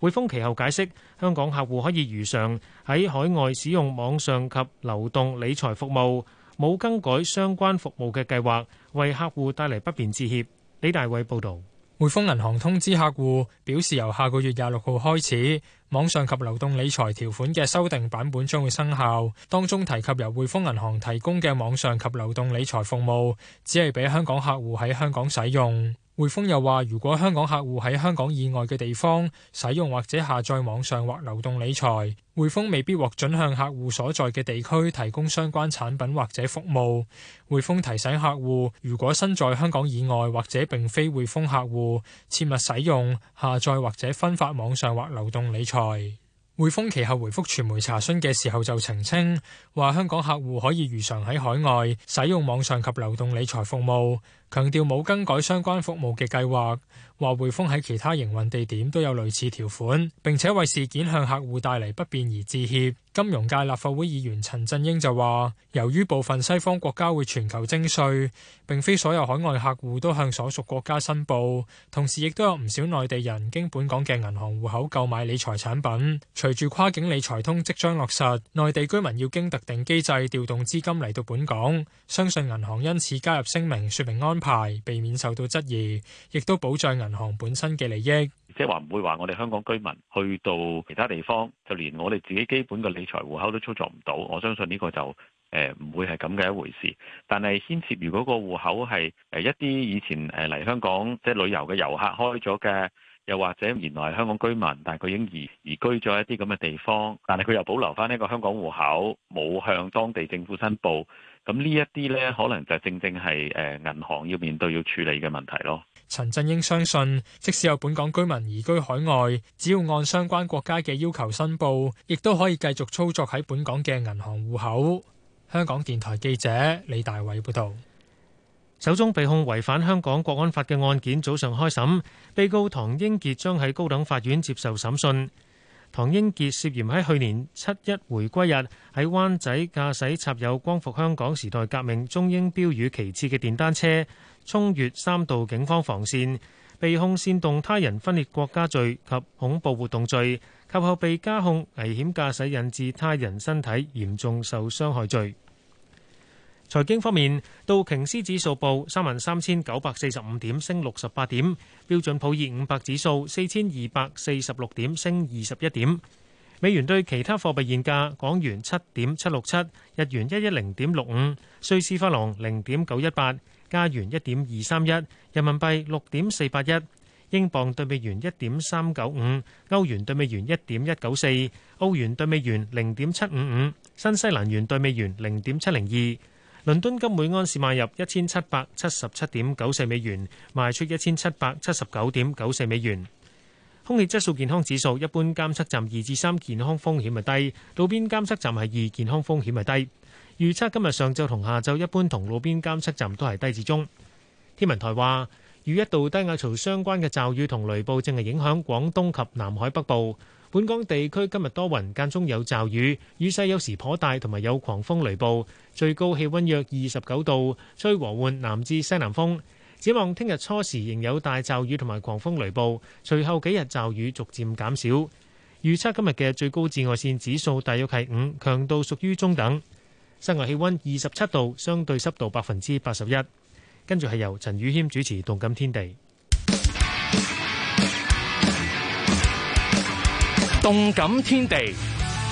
匯豐其後解釋，香港客戶可以如常喺海外使用網上及流動理財服務，冇更改相關服務嘅計劃。為客戶帶嚟不便致歉。李大偉報道，滙豐銀行通知客戶，表示由下個月廿六號開始，網上及流動理財條款嘅修訂版本將會生效。當中提及由滙豐銀行提供嘅網上及流動理財服務，只係俾香港客戶喺香港使用。匯豐又話，如果香港客戶喺香港以外嘅地方使用或者下載網上或流動理財，匯豐未必獲准向客戶所在嘅地區提供相關產品或者服務。匯豐提醒客戶，如果身在香港以外或者並非匯豐客戶，切勿使用、下載或者分發網上或流動理財。匯豐其後回覆傳媒查詢嘅時候就澄清，話香港客戶可以如常喺海外使用網上及流動理財服務。強調冇更改相關服務嘅計劃，話滙豐喺其他營運地點都有類似條款，並且為事件向客戶帶嚟不便而致歉。金融界立法會議員陳振英就話，由於部分西方國家會全球徵稅，並非所有海外客戶都向所屬國家申報，同時亦都有唔少內地人經本港嘅銀行戶口購買理財產品。隨住跨境理財通即將落實，內地居民要經特定機制調動資金嚟到本港，相信銀行因此加入聲明，說明安。安排，避免受到質疑，亦都保障銀行本身嘅利益。即係話唔會話我哋香港居民去到其他地方，就連我哋自己基本嘅理財戶口都操作唔到。我相信呢個就誒唔會係咁嘅一回事。但係牽涉，如果個戶口係誒一啲以前誒嚟香港即係、就是、旅遊嘅遊客開咗嘅，又或者原來香港居民，但係佢已經移移、移居咗一啲咁嘅地方，但係佢又保留翻呢個香港戶口，冇向當地政府申報。咁呢一啲呢，可能就正正係誒銀行要面對要處理嘅問題咯。陳振英相信，即使有本港居民移居海外，只要按相關國家嘅要求申報，亦都可以繼續操作喺本港嘅銀行戶口。香港電台記者李大偉報道，首宗被控違反香港國安法嘅案件早上開審，被告唐英傑將喺高等法院接受審訊。唐英傑涉嫌喺去年七一回歸日喺灣仔駕駛插有光復香港時代革命中英標語旗幟嘅電單車，衝越三道警方防線，被控煽動他人分裂國家罪及恐怖活動罪，及後被加控危險駕駛引致他人身體嚴重受傷害罪。財經方面，道瓊斯指數報三萬三千九百四十五點，升六十八點；標準普爾五百指數四千二百四十六點，升二十一點。美元對其他貨幣現價：港元七點七六七，日元一一零點六五，瑞士法郎零點九一八，加元一點二三一，人民幣六點四八一，英鎊對美元一點三九五，歐元對美元一點一九四，歐元對美元零點七五五，新西蘭元對美元零點七零二。倫敦金每安士買入一千七百七十七點九四美元，賣出一千七百七十九點九四美元。空氣質素健康指數一般監測站二至三，健康風險係低；路邊監測站係二，健康風險係低。預測今日上晝同下晝一般同路邊監測站都係低至中。天文台話，與一度低壓槽相關嘅驟雨同雷暴正係影響廣東及南海北部。本港地區今日多雲，間中有驟雨，雨勢有時頗大，同埋有狂風雷暴。最高氣温約二十九度，吹和緩南至西南風。展望聽日初時仍有大驟雨同埋狂風雷暴，隨後幾日驟雨逐漸減少。預測今日嘅最高紫外線指數大約係五，強度屬於中等。室外氣温二十七度，相對濕度百分之八十一。跟住係由陳宇謙主持《動感天地》。動感天地，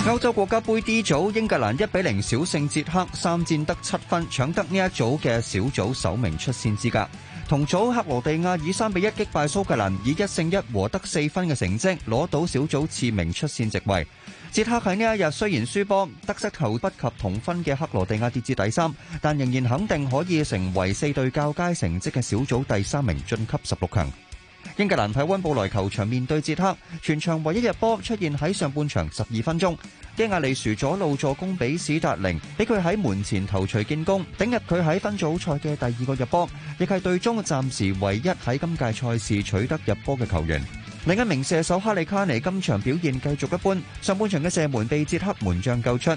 歐洲國家杯 D 組，英格蘭一比零小勝捷克，三戰得七分，搶得呢一組嘅小組首名出線資格。同組克羅地亞以三比一擊敗蘇格蘭，以一勝一和得四分嘅成績，攞到小組次名出線席位。捷克喺呢一日雖然輸波，得失球不及同分嘅克羅地亞跌至第三，但仍然肯定可以成為四隊較佳成績嘅小組第三名晉級十六強。英格蘭喺溫布萊球場面對捷克，全場唯一入波出現喺上半場十二分鐘，基亞利殊左路助攻比史達寧俾佢喺門前頭錘建功，頂入佢喺分組賽嘅第二個入波，亦係隊中暫時唯一喺今屆賽事取得入波嘅球員。另一名射手哈利卡尼今場表現繼續一般，上半場嘅射門被捷克門將救出。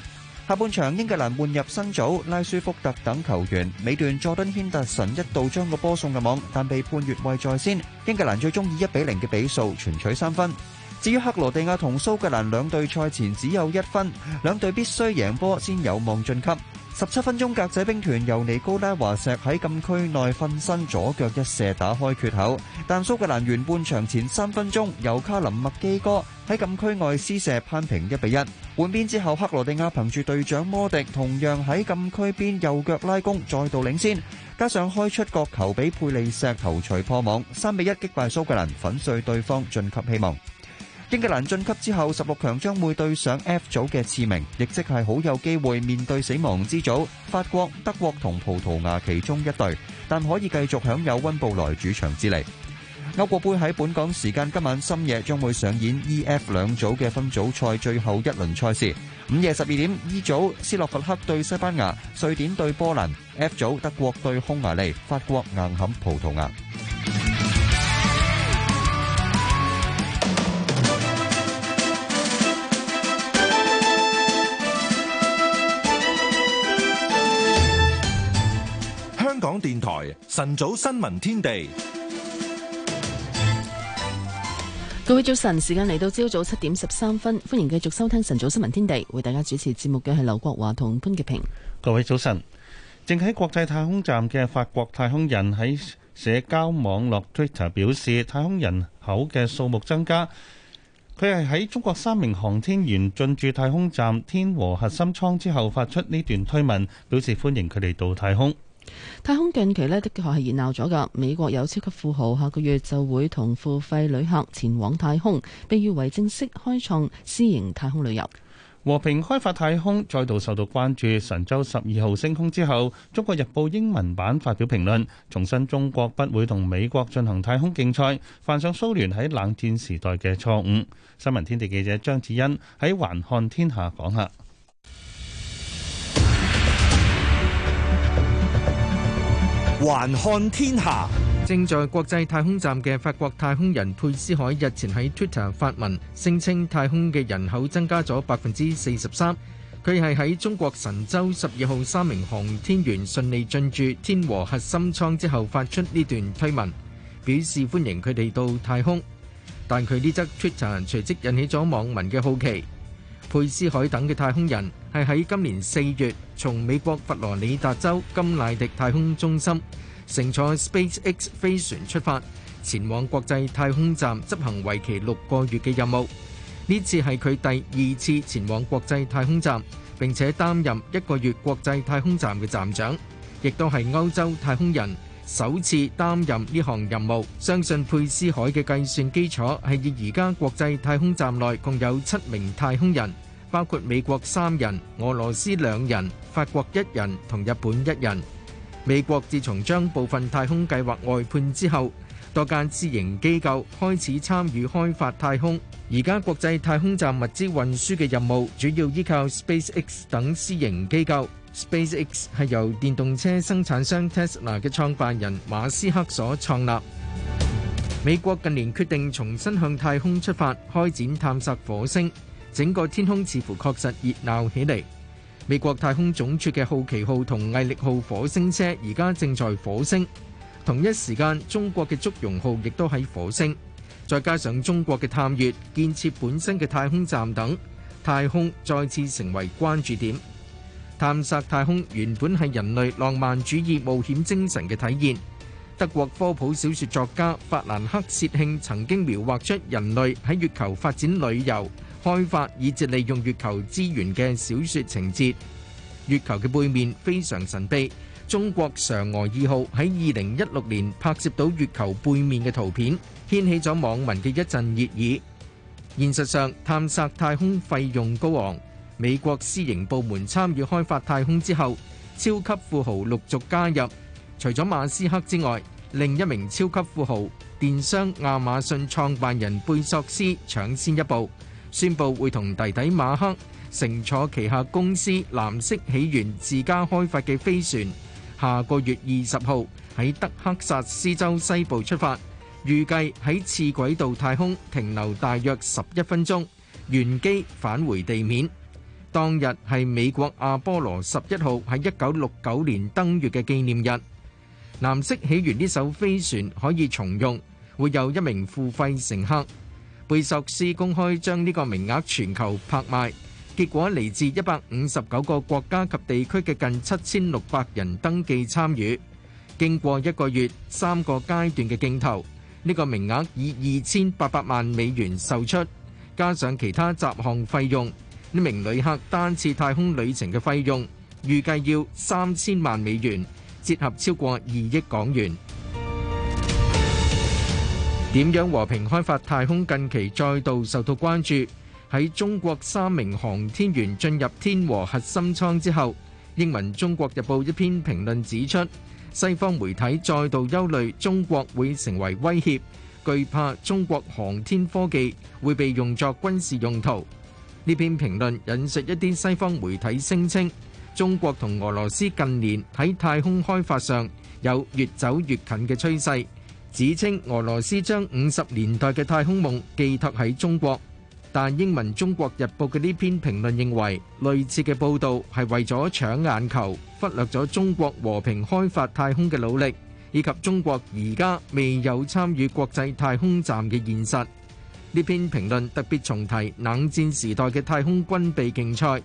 下半場英格蘭換入新組，拉舒福特等球員。尾段佐敦軒達臣，一度將個波送入網，但被判越位在先。英格蘭最終以一比零嘅比數全取三分。至於克羅地亞同蘇格蘭兩隊賽前只有一分，兩隊必須贏波先有望晉級。十七分鐘，格仔兵團由尼高拉華石喺禁區內分身，左腳一射打開缺口。但蘇格蘭完半場前三分鐘，由卡林麥基哥喺禁區外施射扳平一比一。換邊之後，克羅地亞憑住隊長摩迪同樣喺禁區邊右腳拉弓，再度領先。加上開出角球俾佩利石頭鎚破網，三比一擊敗蘇格蘭，粉碎對方晉級希望。英格蘭晉級之後16強將會對上 f 組嘅次名，亦即係好有機會面對死亡之組法國、德國同葡萄牙其中一隊，但可以繼續享有溫布萊主場之利。歐國杯喺本港時間今晚深夜將會上演 ef 兩組嘅分組賽最後一輪賽事，午夜12點電台晨早新聞天地，各位早晨，時間嚟到朝早七點十三分，歡迎繼續收聽晨早新聞天地，為大家主持節目嘅係劉國華同潘潔平。各位早晨，正喺國際太空站嘅法國太空人喺社交網絡 Twitter 表示，太空人口嘅數目增加。佢係喺中國三名航天員進駐太空站天和核心艙之後，發出呢段推文，表示歡迎佢哋到太空。太空近期呢的確係熱鬧咗噶，美國有超級富豪下個月就會同付費旅客前往太空，被譽為正式開創私營太空旅遊。和平開發太空再度受到關注。神舟十二號升空之後，中國日報英文版發表評論，重申中國不會同美國進行太空競賽，犯上蘇聯喺冷戰時代嘅錯誤。新聞天地記者張子欣喺環看天下講下。環看天下，正在國際太空站嘅法國太空人佩斯凱日前喺 Twitter 發文，聲稱太空嘅人口增加咗百分之四十三。佢係喺中國神舟十二號三名航天員順利進駐天和核心艙之後，發出呢段推文，表示歡迎佢哋到太空。但佢呢則 Twitter 隨即引起咗網民嘅好奇。佩斯凱等嘅太空人。係喺今年四月，從美國佛羅里達州甘迺迪太空中心乘坐 SpaceX 飛船出發，前往國際太空站執行為期六個月嘅任務。呢次係佢第二次前往國際太空站，並且擔任一個月國際太空站嘅站長，亦都係歐洲太空人首次擔任呢項任務。相信佩斯海嘅計算基礎係以而家國際太空站內共有七名太空人。包括美國三人、俄羅斯兩人、法國一人同日本一人。美國自從將部分太空計劃外判之後，多間私營機構開始參與開發太空。而家國際太空站物資運輸嘅任務主要依靠 SpaceX 等私營機構。SpaceX 係由電動車生產商 Tesla 嘅創辦人馬斯克所創立。美國近年決定重新向太空出發，開展探索火星。整個天空似乎確實熱鬧起嚟。美國太空總署嘅好奇號同毅力號火星車而家正在火星，同一時間中國嘅祝融號亦都喺火星。再加上中國嘅探月建設本身嘅太空站等，太空再次成為關注點。探索太空原本係人類浪漫主義冒險精神嘅體現。德國科普小説作家法蘭克·薛慶曾經描畫出人類喺月球發展旅遊。開發以至利用月球資源嘅小説情節。月球嘅背面非常神秘。中國嫦娥二號喺二零一六年拍攝到月球背面嘅圖片，掀起咗網民嘅一陣熱議。現實上，探索太空費用高昂。美國私營部門參與開發太空之後，超級富豪陸續加入。除咗馬斯克之外，另一名超級富豪、電商亞馬遜創辦人貝索斯搶先一步。宣布會同弟弟馬克乘坐旗下公司藍色起源自家開發嘅飛船，下個月二十號喺德克薩斯州西部出發，預計喺次軌道太空停留大約十一分鐘，原機返回地面。當日係美國阿波羅十一號喺一九六九年登月嘅紀念日。藍色起源呢艘飛船可以重用，會有一名付費乘客。貝索斯公開將呢個名額全球拍賣，結果嚟自一百五十九個國家及地區嘅近七千六百人登記參與。經過一個月三個階段嘅競投，呢、這個名額以二千八百萬美元售出，加上其他雜項費用，呢名旅客單次太空旅程嘅費用預計要三千萬美元，折合超過二億港元。點樣和平開發太空近期再度受到關注。喺中國三名航天員進入天和核心艙之後，英文《中國日報》一篇評論指出，西方媒體再度憂慮中國會成為威脅，懼怕中國航天科技會被用作軍事用途。呢篇評論引述一啲西方媒體聲稱，中國同俄羅斯近年喺太空開發上有越走越近嘅趨勢。指稱俄羅斯將五十年代嘅太空夢寄託喺中國，但英文《中國日報》嘅呢篇評論認為，類似嘅報導係為咗搶眼球，忽略咗中國和平開發太空嘅努力，以及中國而家未有參與國際太空站嘅現實。呢篇評論特別重提冷戰時代嘅太空軍備競賽，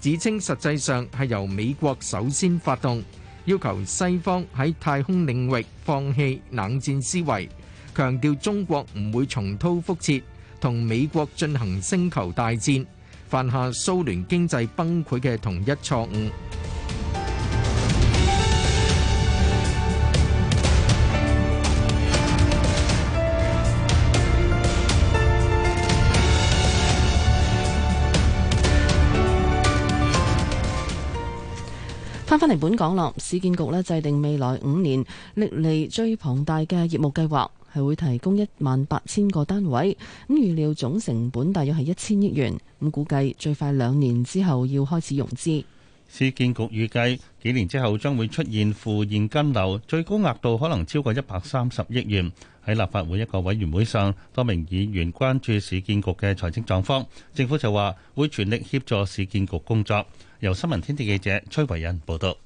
指稱實際上係由美國首先發動。要求西方喺太空領域放棄冷戰思維，強調中國唔會重蹈覆轍，同美國進行星球大戰，犯下蘇聯經濟崩潰嘅同一錯誤。翻嚟本港啦，市建局呢制定未來五年歷嚟最龐大嘅業務計劃，係會提供一萬八千個單位。咁預料總成本大約係一千億元。咁估計最快兩年之後要開始融資。市建局預計幾年之後將會出現負現金流，最高額度可能超過一百三十億元。喺立法會一個委員會上，多名議員關注市建局嘅財政狀況。政府就話會全力協助市建局工作。由新聞天地記者崔維恩報道。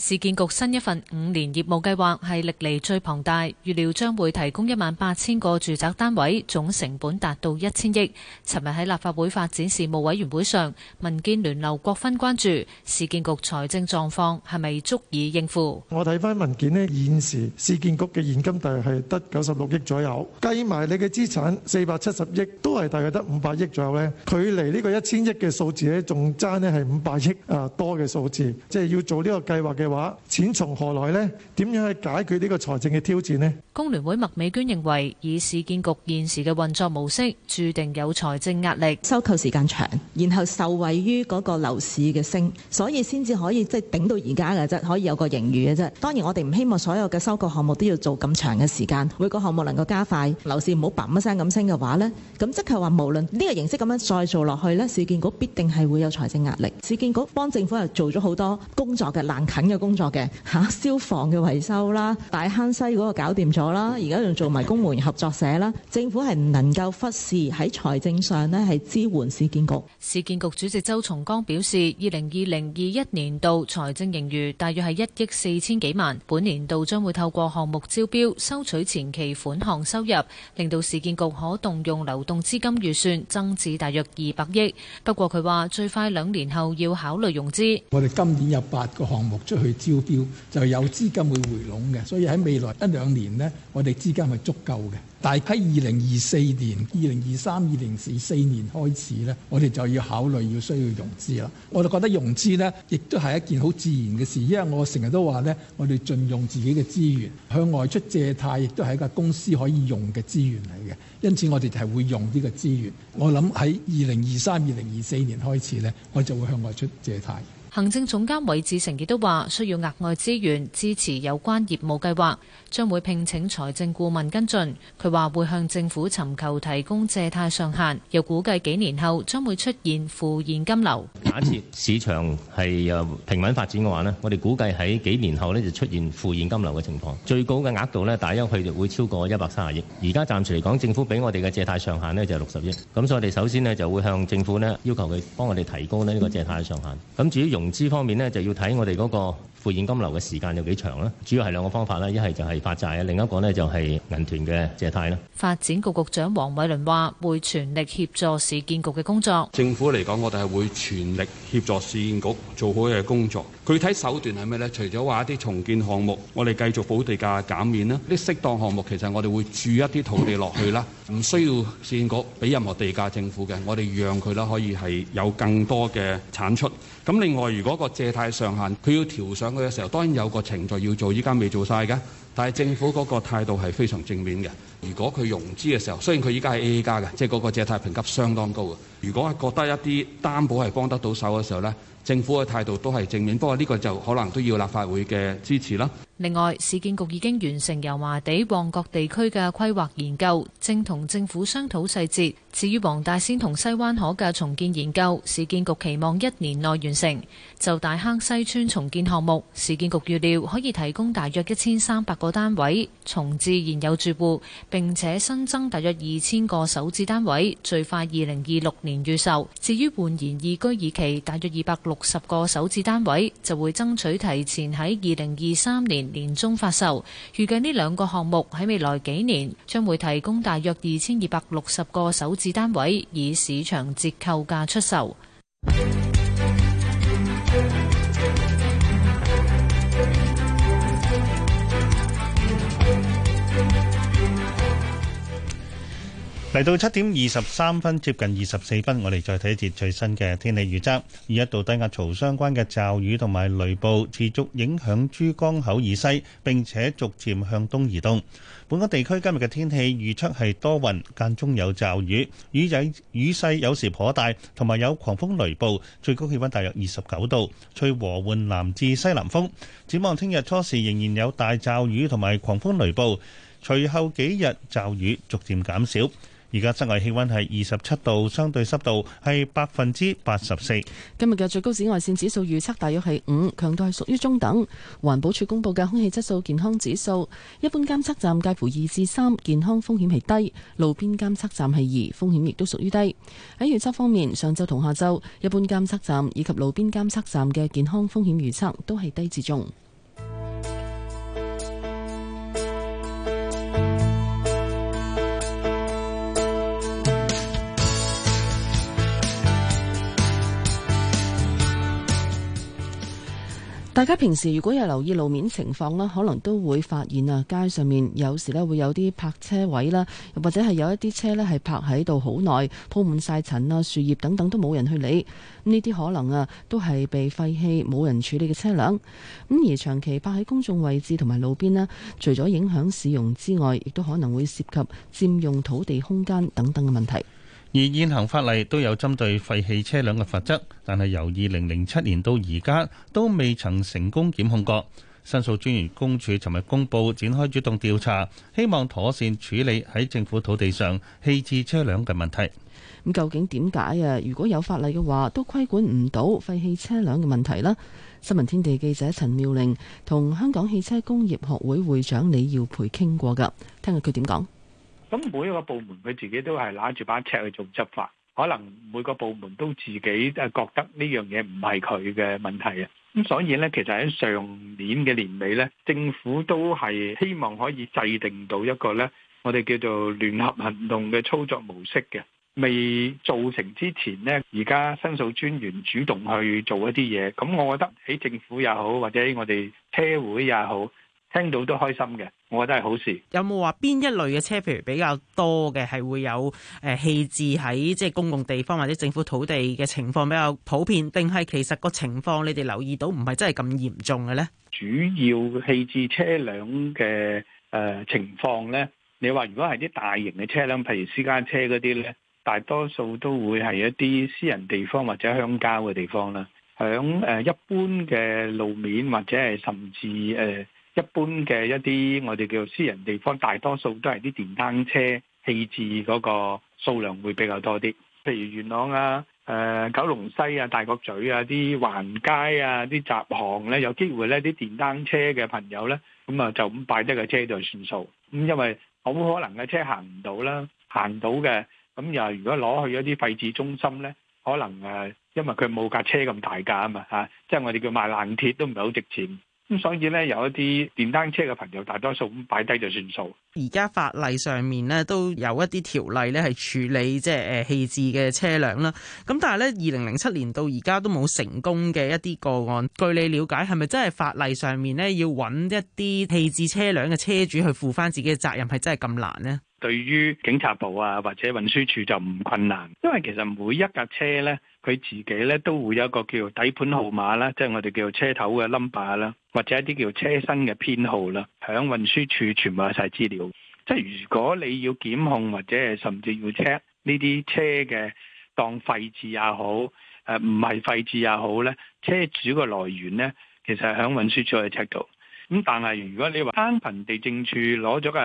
市建局新一份五年業務計劃係歷嚟最龐大，預料將會提供一萬八千個住宅單位，總成本達到一千億。尋日喺立法會發展事務委員會上，民建聯劉國勳關注市建局財政狀況係咪足以應付？我睇翻文件咧，現時市建局嘅現金大約係得九十六億左右，計埋你嘅資產四百七十億，都係大約得五百億左右咧。距離呢個一千億嘅數字咧，仲爭咧係五百億啊多嘅數字，即係要做呢個計劃嘅。話錢從何來呢？點樣去解決呢個財政嘅挑戰呢？工聯會麥美娟認為，以市建局現時嘅運作模式，注定有財政壓力。收購時間長，然後受惠於嗰個樓市嘅升，所以先至可以即係頂到而家嘅啫，可以有個盈餘嘅啫。當然，我哋唔希望所有嘅收購項目都要做咁長嘅時間，每個項目能夠加快樓市唔好嘭一聲咁升嘅話呢，咁即係話無論呢個形式咁樣再做落去呢，市建局必定係會有財政壓力。市建局幫政府又做咗好多工作嘅難啃嘅。工作嘅吓、啊、消防嘅維修啦，大坑西嗰個搞掂咗啦，而家仲做埋公務員合作社啦。政府係唔能夠忽視喺財政上咧，係支援市建局。市建局主席周松崗表示，二零二零二一年度財政盈餘大約係一億四千幾萬，本年度將會透過項目招標收取前期款項收入，令到市建局可動用流動資金預算增至大約二百億。不過，佢話最快兩年後要考慮融資。我哋今年有八個項目去招標就有資金會回籠嘅，所以喺未來一兩年呢，我哋資金係足夠嘅。但喺二零二四年、二零二三、二零二四年開始呢，我哋就要考慮要需要融資啦。我就覺得融資呢亦都係一件好自然嘅事，因為我成日都話呢，我哋盡用自己嘅資源，向外出借貸，亦都係一個公司可以用嘅資源嚟嘅。因此，我哋就係會用呢個資源。我諗喺二零二三、二零二四年開始呢，我就會向外出借貸。行政總監韋志成亦都話需要額外資源支持有關業務計劃，將會聘請財政顧問跟進。佢話會向政府尋求提供借貸上限，又估計幾年後將會出現負現金流。假設咳咳市場係平穩發展嘅話呢，我哋估計喺幾年後呢就出現負現金流嘅情況，最高嘅額度呢，大約去到會超過一百三十億。而家暫時嚟講，政府俾我哋嘅借貸上限呢就六十億，咁所以我哋首先呢就會向政府呢要求佢幫我哋提高咧呢個借貸上限。咁至於融資方面咧，就要睇我哋嗰個。負現金流嘅時間有幾長咧？主要係兩個方法咧，一係就係發債，另一個呢就係銀團嘅借貸啦。發展局局長黃偉綸話：會全力協助市建局嘅工作。政府嚟講，我哋係會全力協助市建局做好嘅工作。具體手段係咩呢？除咗話一啲重建項目，我哋繼續補地價減免。呢啲適當項目其實我哋會注一啲土地落去啦，唔需要市建局俾任何地價政府嘅，我哋讓佢啦，可以係有更多嘅產出。咁另外，如果個借貸上限佢要調上。兩嘅時候，當然有個程序要做，依家未做晒嘅。但係政府嗰個態度係非常正面嘅。如果佢融資嘅時候，雖然佢依家係 AA 加嘅，即係嗰個借貸評級相當高嘅。如果覺得一啲擔保係幫得到手嘅時候咧，政府嘅態度都係正面。不過呢個就可能都要立法會嘅支持啦。另外，市建局已經完成油麻地旺角地區嘅規劃研究，正同政府商討細節。至於黃大仙同西灣河嘅重建研究，市建局期望一年內完成。就大坑西村重建項目，市建局預料可以提供大約一千三百個單位，重置現有住戶，並且新增大約二千個首置單位，最快二零二六年預售。至於煥然懿居二期，大約二百六十個首置單位就會爭取提前喺二零二三年。年中發售，預計呢兩個項目喺未來幾年將會提供大約二千二百六十個首置單位，以市場折扣價出售。嚟到七點二十三分，接近二十四分，我哋再睇一節最新嘅天氣預測。而一道低壓槽相關嘅驟雨同埋雷暴持續影響珠江口以西，並且逐漸向東移動。本港地區今日嘅天氣預測係多雲，間中有驟雨，雨仔雨勢有時頗大，同埋有狂風雷暴。最高氣溫大約二十九度，吹和緩南至西南風。展望聽日初時仍然有大驟雨同埋狂風雷暴，隨後幾日驟雨逐漸減少。而家室外氣溫係二十七度，相對濕度係百分之八十四。今日嘅最高紫外線指數預測大約係五，強度係屬於中等。環保署公布嘅空氣質素健康指數，一般監測站介乎二至三，健康風險係低；路邊監測站係二，風險亦都屬於低。喺預測方面，上周同下周，一般監測站以及路邊監測站嘅健康風險預測都係低至中。大家平時如果有留意路面情況啦，可能都會發現啊，街上面有時咧會有啲泊車位啦，或者係有一啲車咧係泊喺度好耐，鋪滿晒塵啊、樹葉等等，都冇人去理。呢啲可能啊，都係被廢棄冇人處理嘅車輛。咁而長期泊喺公眾位置同埋路邊咧，除咗影響市容之外，亦都可能會涉及佔用土地空間等等嘅問題。而現行法例都有針對廢棄車輛嘅法則，但係由二零零七年到而家都未曾成功檢控過。申訴專員公署尋日公佈，展開主動調查，希望妥善處理喺政府土地上棄置車輛嘅問題。咁究竟點解啊？如果有法例嘅話，都規管唔到廢棄車輛嘅問題啦。新聞天地記者陳妙玲同香港汽車工業學會會長李耀培傾過㗎，聽下佢點講。咁每一個部門佢自己都係揦住把尺去做執法，可能每個部門都自己誒覺得呢樣嘢唔係佢嘅問題啊！咁所以咧，其實喺上年嘅年尾咧，政府都係希望可以制定到一個咧，我哋叫做聯合行動嘅操作模式嘅。未做成之前咧，而家申訴專員主動去做一啲嘢，咁我覺得喺政府也好，或者我哋車會也好。聽到都開心嘅，我覺得係好事。有冇話邊一類嘅車，譬如比較多嘅，係會有誒棄置喺即係公共地方或者政府土地嘅情況比較普遍，定係其實個情況你哋留意到唔係真係咁嚴重嘅咧？主要棄置車輛嘅誒情況咧，你話如果係啲大型嘅車輛，譬如私家車嗰啲咧，大多數都會係一啲私人地方或者鄉郊嘅地方啦。響、呃、誒一般嘅路面或者係甚至誒。呃一般嘅一啲我哋叫做私人地方，大多數都係啲電單車棄置嗰個數量會比較多啲。譬如元朗啊、誒、呃、九龍西啊、大角咀啊啲橫街啊、啲集行咧，有機會咧啲電單車嘅朋友咧，咁啊就咁擺低個車就算數。咁因為好可能嘅車行唔到啦，行到嘅咁又係如果攞去一啲廢置中心咧，可能誒、啊、因為佢冇架車咁大架啊嘛嚇，即係我哋叫賣爛鐵都唔係好值錢。咁所以咧，有一啲電單車嘅朋友，大多數咁擺低就算數。而家法例上面咧，都有一啲條例咧，係處理即係誒棄置嘅車輛啦。咁但係咧，二零零七年到而家都冇成功嘅一啲個案。據你了解，係咪真係法例上面咧，要揾一啲棄置車輛嘅車主去負翻自己嘅責任，係真係咁難呢？對於警察部啊，或者運輸署就唔困難，因為其實每一架車咧。佢自己咧都會有一個叫底盤號碼啦，即係我哋叫車頭嘅 number 啦，或者一啲叫車身嘅編號啦，響運輸處全部有晒資料。即係如果你要檢控或者係甚至要 check 呢啲車嘅當廢置也好，誒唔係廢置也好咧，車主嘅來源咧，其實係響運輸處去 check 到。咁但係如果你話單憑地政處攞咗個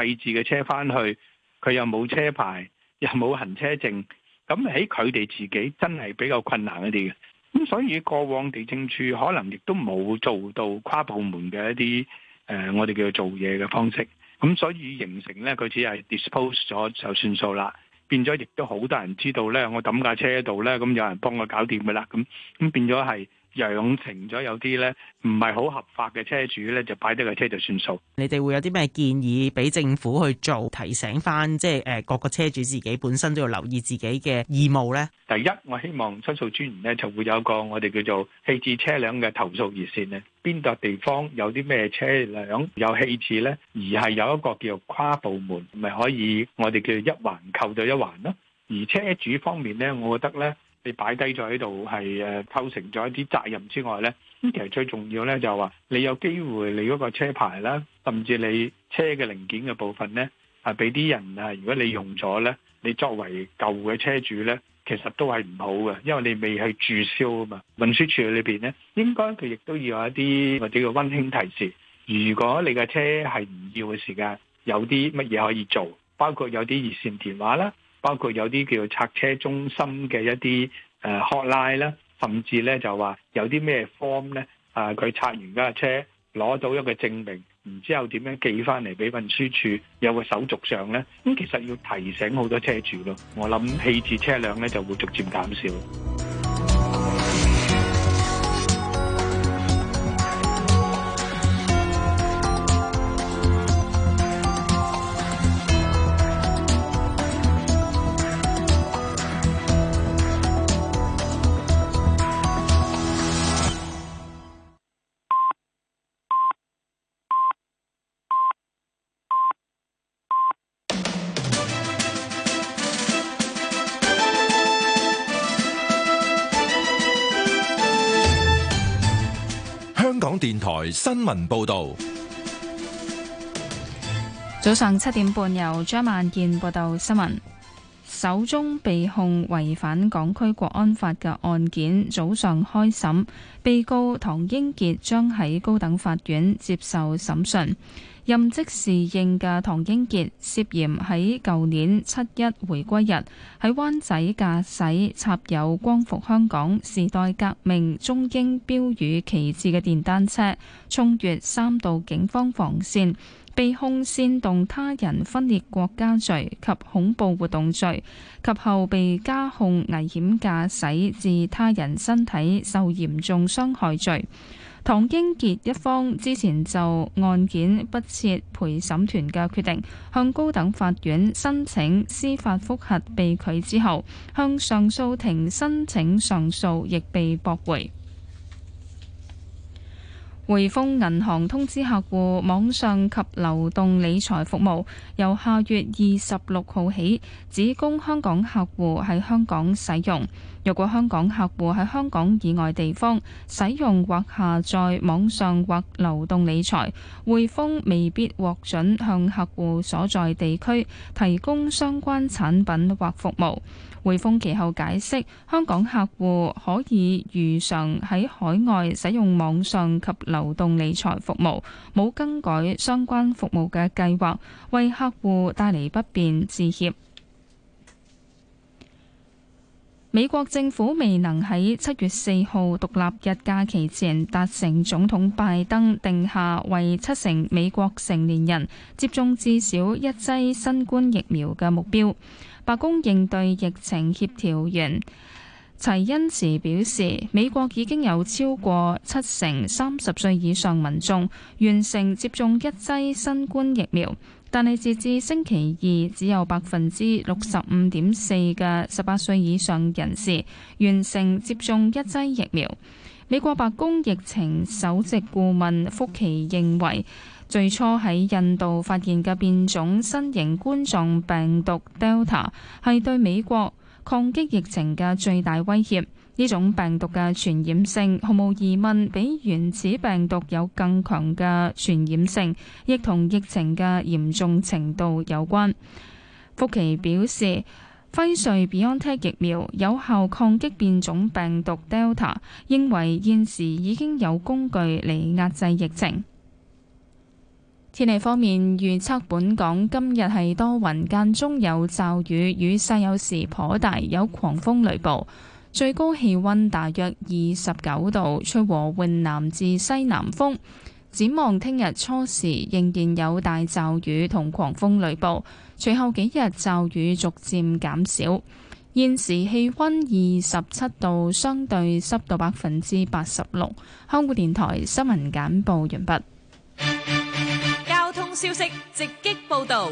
廢置嘅車翻去，佢又冇車牌，又冇行車證。咁喺佢哋自己真係比較困難一啲嘅。咁、嗯、所以過往地政處可能亦都冇做到跨部門嘅一啲，誒、呃、我哋叫做做嘢嘅方式，咁、嗯、所以形成咧佢只係 dispose 咗就算數啦，變咗亦都好多人知道咧，我抌架車喺度咧，咁有人幫我搞掂噶啦，咁咁變咗係。養成咗有啲咧唔係好合法嘅車主咧，就擺低個車就算數。你哋會有啲咩建議俾政府去做提醒翻，即係誒各個車主自己本身都要留意自己嘅義務咧。第一，我希望申訴專員咧就會有個我哋叫做棄置車輛嘅投訴熱線咧，邊度地方有啲咩車輛有棄置咧，而係有一個叫做跨部門，咪可以我哋叫做一環扣就一環咯。而車主方面咧，我覺得咧。你擺低咗喺度係誒構成咗一啲責任之外咧，咁其實最重要咧就係話你有機會你嗰個車牌啦，甚至你車嘅零件嘅部分咧，啊俾啲人啊，如果你用咗咧，你作為舊嘅車主咧，其實都係唔好嘅，因為你未去註銷啊嘛。運輸處裏邊咧，應該佢亦都要有一啲或者叫溫馨提示，如果你嘅車係唔要嘅時間，有啲乜嘢可以做，包括有啲熱線電話啦。包括有啲叫拆車中心嘅一啲誒 hotline 啦，甚至咧就話有啲咩 form 咧、啊，啊佢拆完架車攞到一個證明，然之後點樣寄翻嚟俾運輸處，有個手續上咧，咁、嗯、其實要提醒好多車主咯。我諗棄置車輛咧就會逐漸減少。新聞報道。早上七點半，由張萬健報道新聞。首宗被控違反港區國安法嘅案件，早上開審，被告唐英傑將喺高等法院接受審訊。任職侍應嘅唐英傑涉嫌喺舊年七一回歸日喺灣仔駕駛插有光復香港、時代革命中英標語旗幟嘅電單車，衝越三道警方防線，被控煽動他人分裂國家罪及恐怖活動罪，及後被加控危險駕駛致他人身體受嚴重傷害罪。唐英傑一方之前就案件不設陪審團嘅決定，向高等法院申請司法覆核被拒，之後向上訴庭申請上訴亦被駁回。匯豐銀行通知客戶，網上及流動理財服務由下月二十六號起，只供香港客戶喺香港使用。若果香港客戶喺香港以外地方使用或下載網上或流動理財，匯豐未必獲准向客戶所在地區提供相關產品或服務。匯豐其後解釋，香港客戶可以如常喺海外使用網上及流動理財服務，冇更改相關服務嘅計劃，為客戶帶嚟不便致歉。美國政府未能喺七月四號獨立日假期前達成總統拜登定下為七成美國成年人接種至少一劑新冠疫苗嘅目標。白宮應對疫情協調員齊恩慈表示，美國已經有超過七成三十歲以上民眾完成接種一劑新冠疫苗。但係，截至星期二，只有百分之六十五點四嘅十八歲以上人士完成接種一劑疫苗。美國白宮疫情首席顧問福奇認為，最初喺印度發現嘅變種新型冠狀病毒 Delta 係對美國抗擊疫情嘅最大威脅。呢種病毒嘅傳染性毫無疑問比原始病毒有更強嘅傳染性，亦同疫情嘅嚴重程度有關。福奇表示，輝瑞 BioNTech 疫苗有效抗擊變種病毒 Delta，認為現時已經有工具嚟壓制疫情。天氣方面，預測本港今日係多雲間中有驟雨，雨勢有時頗大，有狂風雷暴。最高氣温大約二十九度，吹和緩南至西南風。展望聽日初時仍然有大驟雨同狂風雷暴，隨後幾日驟雨逐漸減少。現時氣温二十七度，相對濕度百分之八十六。香港電台新聞簡報完畢。交通消息直擊報道。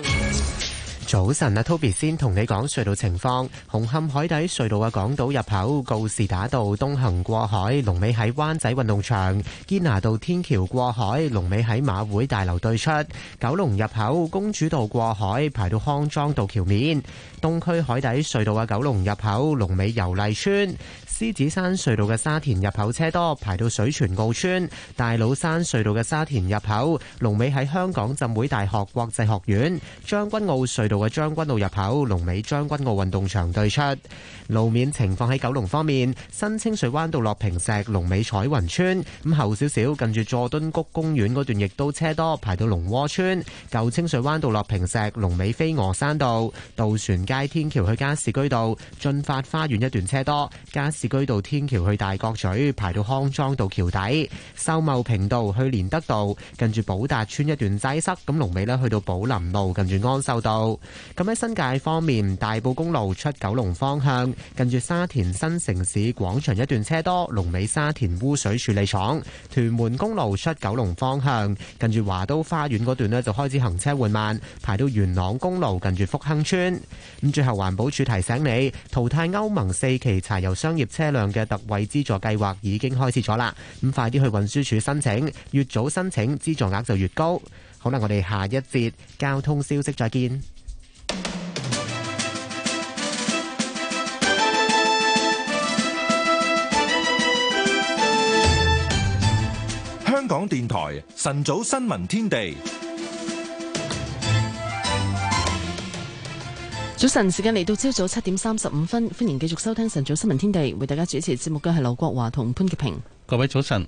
早晨啊，Toby 先同你講隧道情況。紅磡海底隧道嘅港島入口告士打道東行過海，龍尾喺灣仔運動場；堅拿道天橋過海，龍尾喺馬會大樓對出。九龍入口公主道過海，排到康莊道橋面。東區海底隧道嘅九龍入口，龍尾油麗邨。獅子山隧道嘅沙田入口車多，排到水泉澳村；大老山隧道嘅沙田入口，龍尾喺香港浸會大學國際學院；將軍澳隧道嘅將軍澳入口，龍尾將軍澳運動場對出。路面情況喺九龍方面，新清水灣道落坪石，龍尾彩雲村；咁後少少近住佐敦谷公園嗰段亦都車多，排到龍窩村；舊清水灣道落坪石，龍尾飛鵝山道；渡船街天橋去加士居道，駿發花園一段車多，加士。居到天橋去大角咀，排到康莊道橋底；秀茂坪道去連德道，近住寶達村一段擠塞。咁龍尾呢去到寶林路，近住安秀道。咁喺新界方面，大埔公路出九龍方向，近住沙田新城市廣場一段車多，龍尾沙田污水處理廠。屯門公路出九龍方向，近住華都花園嗰段呢就開始行車緩慢，排到元朗公路，近住福亨村。咁最後環保署提醒你，淘汰歐盟四期柴油商業車輛嘅特惠資助計劃已經開始咗啦，咁快啲去運輸署申請，越早申請資助額就越高。好啦，我哋下一節交通消息再見。香港電台晨早新聞天地。早晨，時間嚟到朝早七點三十五分，歡迎繼續收聽晨早新聞天地，為大家主持節目嘅係劉國華同潘潔平。各位早晨，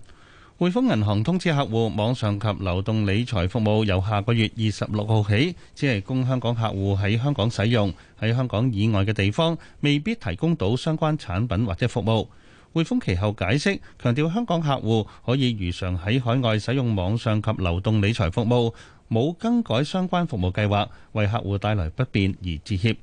匯豐銀行通知客戶，網上及流動理財服務由下個月二十六號起，只係供香港客戶喺香港使用，喺香港以外嘅地方未必提供到相關產品或者服務。匯豐其後解釋，強調香港客戶可以如常喺海外使用網上及流動理財服務。冇更改相關服務計劃，為客戶帶來不便而致歉。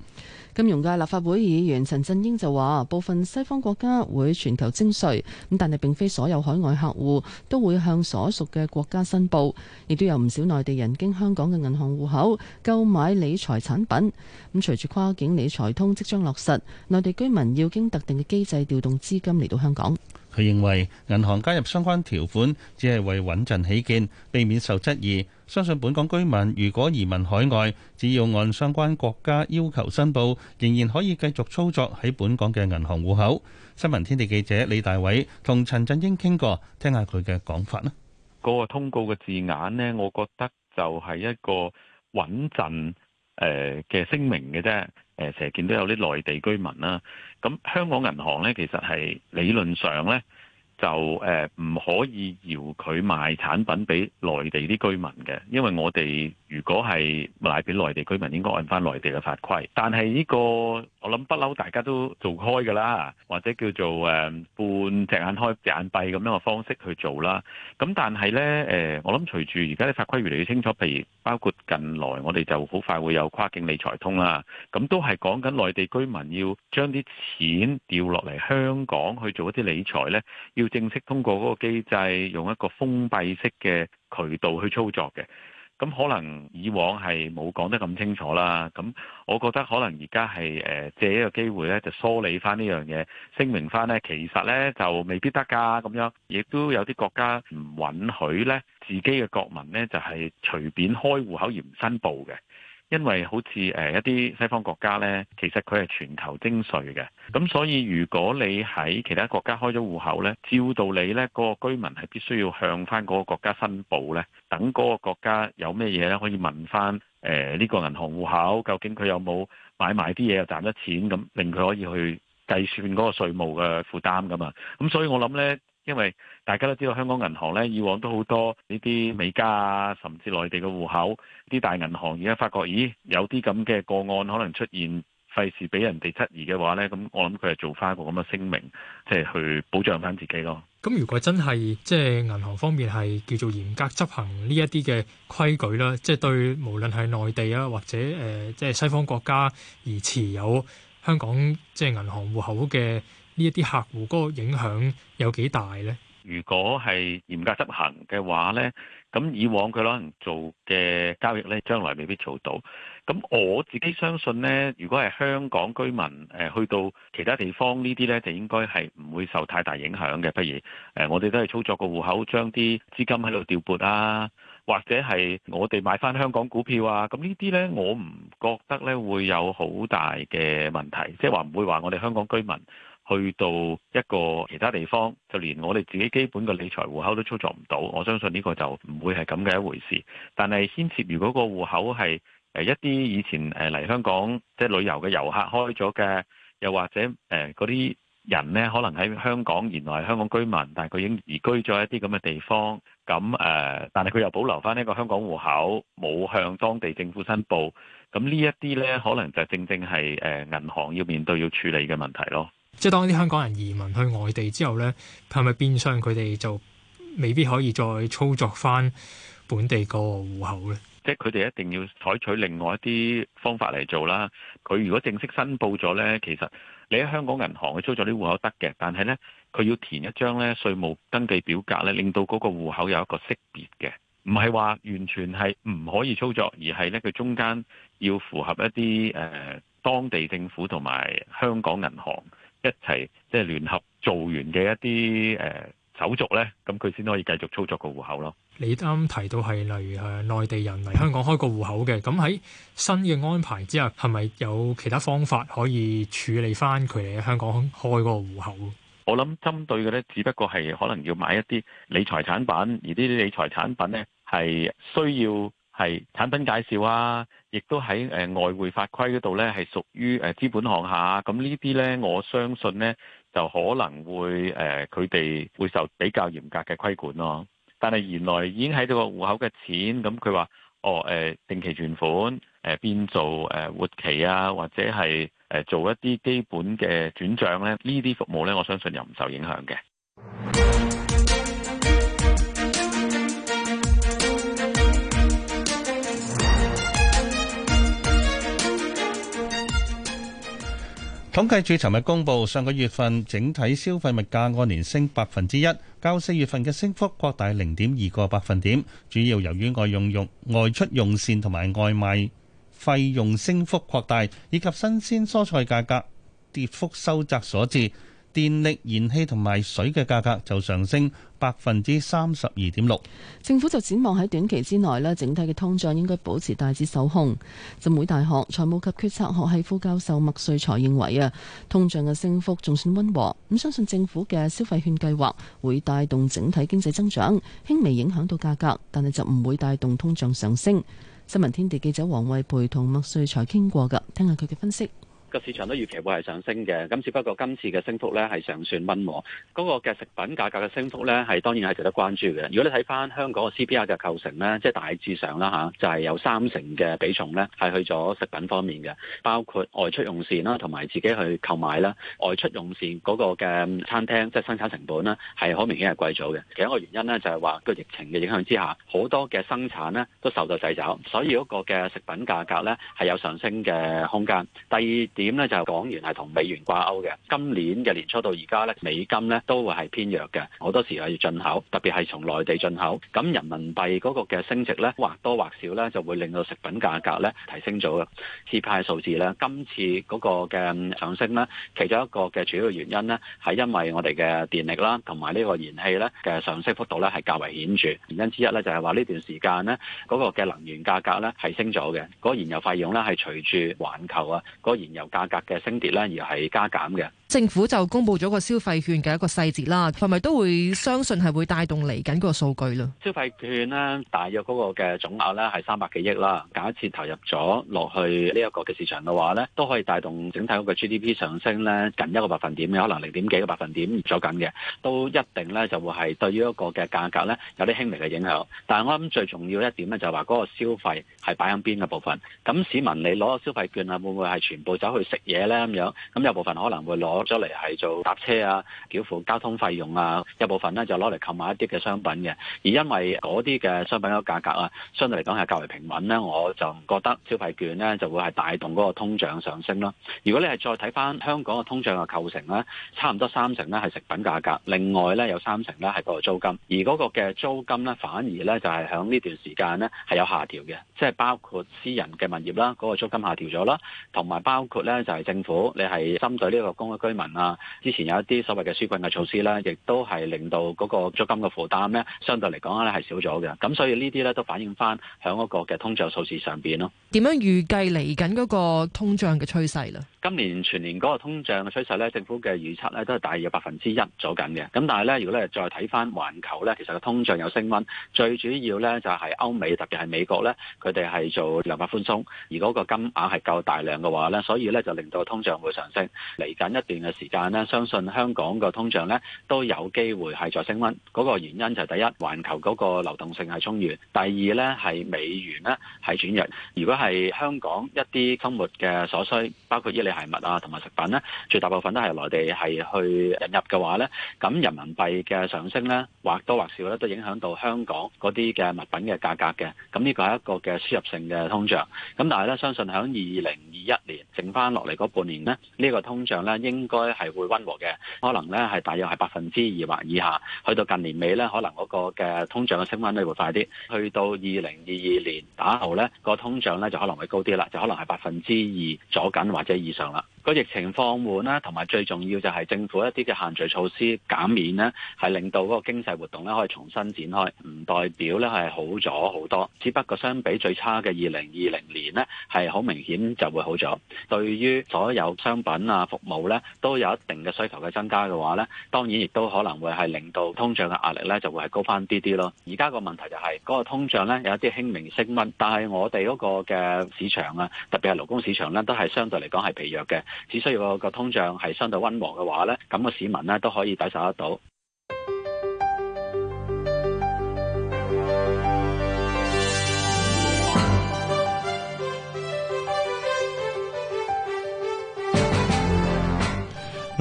金融界立法會議員陳振英就話，部分西方國家會全球徵稅，咁但係並非所有海外客戶都會向所屬嘅國家申報，亦都有唔少內地人經香港嘅銀行戶口購買理財產品。咁隨住跨境理財通即將落實，內地居民要經特定嘅機制調動資金嚟到香港。佢認為銀行加入相關條款，只係為穩陣起見，避免受質疑。相信本港居民如果移民海外，只要按相關國家要求申報，仍然可以繼續操作喺本港嘅銀行戶口。新聞天地記者李大偉同陳振英傾過，聽下佢嘅講法啦。嗰個通告嘅字眼呢，我覺得就係一個穩陣誒嘅聲明嘅啫。誒，成日見到有啲內地居民啦。咁、嗯、香港銀行咧，其實係理論上咧，就誒唔、呃、可以遙距賣產品俾內地啲居民嘅，因為我哋。如果係賣俾內地居民，應該按翻內地嘅法規。但係呢個我諗不嬲，大家都做開㗎啦，或者叫做誒半隻眼開隻眼閉咁樣嘅方式去做啦。咁但係呢，誒，我諗隨住而家啲法規越嚟越清楚，譬如包括近來我哋就好快會有跨境理財通啦。咁都係講緊內地居民要將啲錢調落嚟香港去做一啲理財，呢要正式通過嗰個機制，用一個封閉式嘅渠道去操作嘅。咁可能以往係冇講得咁清楚啦，咁我覺得可能而家係誒借一個機會咧，就梳理翻呢樣嘢，聲明翻咧其實咧就未必得㗎，咁樣亦都有啲國家唔允許咧自己嘅國民咧就係、是、隨便開戶口而唔申報嘅。因為好似誒一啲西方國家呢，其實佢係全球徵稅嘅，咁所以如果你喺其他國家開咗戶口呢，照到你呢，嗰個居民係必須要向翻嗰個國家申報呢，等嗰個國家有咩嘢呢可以問翻誒呢個銀行戶口究竟佢有冇買埋啲嘢又賺得錢咁，令佢可以去計算嗰個稅務嘅負擔噶嘛，咁所以我諗呢，因為。大家都知道，香港銀行咧以往都好多呢啲美加啊、甚至內地嘅戶口，啲大銀行而家發覺，咦有啲咁嘅個案可能出現，費事俾人哋質疑嘅話呢，咁我諗佢係做翻一個咁嘅聲明，即係去保障翻自己咯。咁如果真係即係銀行方面係叫做嚴格執行呢一啲嘅規矩啦，即係對無論係內地啊，或者誒即係西方國家而持有香港即係銀行戶口嘅呢一啲客戶嗰個影響有幾大呢？如果係嚴格執行嘅話呢，咁以往佢可能做嘅交易呢，將來未必做到。咁我自己相信呢，如果係香港居民誒去到其他地方呢啲呢，就應該係唔會受太大影響嘅。不如誒，我哋都係操作個戶口，將啲資金喺度調撥啦，或者係我哋買翻香港股票啊。咁呢啲呢，我唔覺得呢會有好大嘅問題，即係話唔會話我哋香港居民，去到一個其他地方，就連我哋自己基本嘅理財戶口都操作唔到。我相信呢個就唔會係咁嘅一回事。但係牽涉，如果個戶口係誒一啲以前誒嚟香港即係、就是、旅遊嘅遊客開咗嘅，又或者誒嗰啲人咧，可能喺香港原來係香港居民，但係佢已經移居咗一啲咁嘅地方咁誒、呃、但係佢又保留翻呢個香港戶口，冇向當地政府申報，咁呢一啲咧，可能就正正係誒銀行要面對要處理嘅問題咯。即係當啲香港人移民去外地之後呢，係咪變相佢哋就未必可以再操作翻本地個戶口呢？即係佢哋一定要採取另外一啲方法嚟做啦。佢如果正式申報咗呢，其實你喺香港銀行去操作啲戶口得嘅，但係呢，佢要填一張咧稅務登記表格咧，令到嗰個戶口有一個識別嘅，唔係話完全係唔可以操作，而係呢，佢中間要符合一啲誒、呃、當地政府同埋香港銀行。一齊即係聯合做完嘅一啲誒、呃、手續咧，咁佢先可以繼續操作個戶口咯。你啱提到係例如誒內地人嚟香港開個戶口嘅，咁喺新嘅安排之下，係咪有其他方法可以處理翻佢哋喺香港開嗰個戶口？我諗針對嘅咧，只不過係可能要買一啲理財產品，而呢啲理財產品咧係需要。係產品介紹啊，亦都喺誒外匯法規嗰度呢，係屬於誒資本項下。咁呢啲呢，我相信呢，就可能會誒佢哋會受比較嚴格嘅規管咯、啊。但係原來已經喺度個戶口嘅錢，咁佢話哦誒、呃、定期存款誒、呃、變做誒活期啊，或者係誒做一啲基本嘅轉賬呢，呢啲服務呢，我相信又唔受影響嘅。統計處尋日公布，上個月份整體消費物價按年升百分之一，較四月份嘅升幅擴大零點二個百分點，主要由於外用肉、外出用膳同埋外賣費用升幅擴大，以及新鮮蔬菜價格跌幅收窄所致。電力、燃氣同埋水嘅價格就上升百分之三十二點六。政府就展望喺短期之內呢整體嘅通脹應該保持大致受控。浸會大學財務及決策學系副教授麥瑞才認為啊，通脹嘅升幅仲算溫和，咁相信政府嘅消費券計劃會帶動整體經濟增長，輕微影響到價格，但係就唔會帶動通脹上升。新聞天地記者黃慧培同麥瑞才傾過㗎，聽下佢嘅分析。個市場都預期會係上升嘅，咁只不過今次嘅升幅咧係尚算温和。嗰個嘅食品價格嘅升幅咧係當然係值得關注嘅。如果你睇翻香港個 CPI 嘅構成咧，即係大致上啦嚇，就係有三成嘅比重咧係去咗食品方面嘅，包括外出用膳啦，同埋自己去購買啦。外出用膳嗰個嘅餐廳即係生產成本咧係好明顯係貴咗嘅。其中一個原因咧就係話個疫情嘅影響之下，好多嘅生產咧都受到掣肘，所以嗰個嘅食品價格咧係有上升嘅空間。第二啲。點咧就係港元係同美元掛鈎嘅，今年嘅年初到而家咧，美金咧都會係偏弱嘅。好多時要進口，特別係從內地進口。咁人民幣嗰個嘅升值咧，或多或少咧就會令到食品價格咧提升咗嘅。撇派數字咧，今次嗰個嘅上升咧，其中一個嘅主要原因咧，係因為我哋嘅電力啦，同埋呢個燃氣咧嘅上升幅度咧係較為顯著。原因之一咧就係話呢段時間咧嗰個嘅能源價格咧係升咗嘅，嗰燃油費用咧係隨住環球啊嗰燃油。價格嘅升跌咧，而係加減嘅。政府就公布咗個消費券嘅一個細節啦，係咪都會相信係會帶動嚟緊個數據咯？消費券咧，大約嗰個嘅總額咧係三百幾億啦。假設投入咗落去呢一個嘅市場嘅話咧，都可以帶動整體嗰個 GDP 上升咧，近一個百分點嘅，可能零點幾個百分點咗緊嘅，都一定咧就會係對於一個嘅價格咧有啲輕微嘅影響。但係我諗最重要一點咧就係話嗰個消費係擺響邊嘅部分。咁市民你攞個消費券啊，會唔會係全部走去？食嘢呢，咁樣，咁有部分可能會攞咗嚟係做搭車啊、繳付交通費用啊，有部分呢，就攞嚟購買一啲嘅商品嘅。而因為嗰啲嘅商品嘅價格啊，相對嚟講係較為平穩呢，我就唔覺得消費券呢就會係帶動嗰個通脹上升咯。如果你係再睇翻香港嘅通脹嘅構成呢，差唔多三成呢係食品價格，另外呢，有三成呢係嗰個租金，而嗰個嘅租金呢，反而呢就係響呢段時間呢係有下調嘅，即係包括私人嘅物業啦，嗰個租金下調咗啦，同埋包括。咧就係政府，你係針對呢個公屋居民啊，之前有一啲所謂嘅紓困嘅措施咧，亦都係令到嗰個租金嘅負擔咧，相對嚟講咧係少咗嘅。咁所以呢啲咧都反映翻響嗰個嘅通脹數字上邊咯。點樣預計嚟緊嗰個通脹嘅趨勢咧？今年全年嗰個通脹嘅趨勢咧，政府嘅預測咧都係大約百分之一左緊嘅。咁但係咧，如果咧再睇翻環球咧，其實個通脹有升温，最主要咧就係歐美特別係美國咧，佢哋係做量化寬鬆，而嗰個金額係夠大量嘅話咧，所以。咧就令到通脹會上升，嚟緊一段嘅時間咧，相信香港嘅通脹咧都有機會係再升溫。嗰個原因就係第一，環球嗰個流動性係充裕；第二咧係美元咧係轉弱。如果係香港一啲生活嘅所需，包括衣履鞋襪啊同埋食品咧，絕大部分都係內地係去引入嘅話咧，咁人民幣嘅上升咧或多或少咧都影響到香港嗰啲嘅物品嘅價格嘅。咁呢個係一個嘅輸入性嘅通脹。咁但係咧，相信響二零二一年剩翻。翻落嚟嗰半年呢，呢、呢個通脹呢應該係會溫和嘅，可能呢係大約係百分之二或以下。去到近年尾呢，可能嗰個嘅通脹嘅升溫會快啲。去到二零二二年打後呢個通脹呢就可能會高啲啦，就可能係百分之二左緊或者以上啦。個疫情放緩啦，同埋最重要就係政府一啲嘅限聚措施減免呢，係令到嗰個經濟活動呢可以重新展開，唔代表呢係好咗好多，只不過相比最差嘅二零二零年呢，係好明顯就會好咗。對對於所有商品啊、服務咧都有一定嘅需求嘅增加嘅話咧，當然亦都可能會係令到通脹嘅壓力咧就會係高翻啲啲咯。而家個問題就係嗰個通脹咧有一啲輕微升溫，但係我哋嗰個嘅市場啊，特別係勞工市場咧都係相對嚟講係疲弱嘅。只需要個通脹係相對溫和嘅話咧，咁個市民咧都可以抵受得到。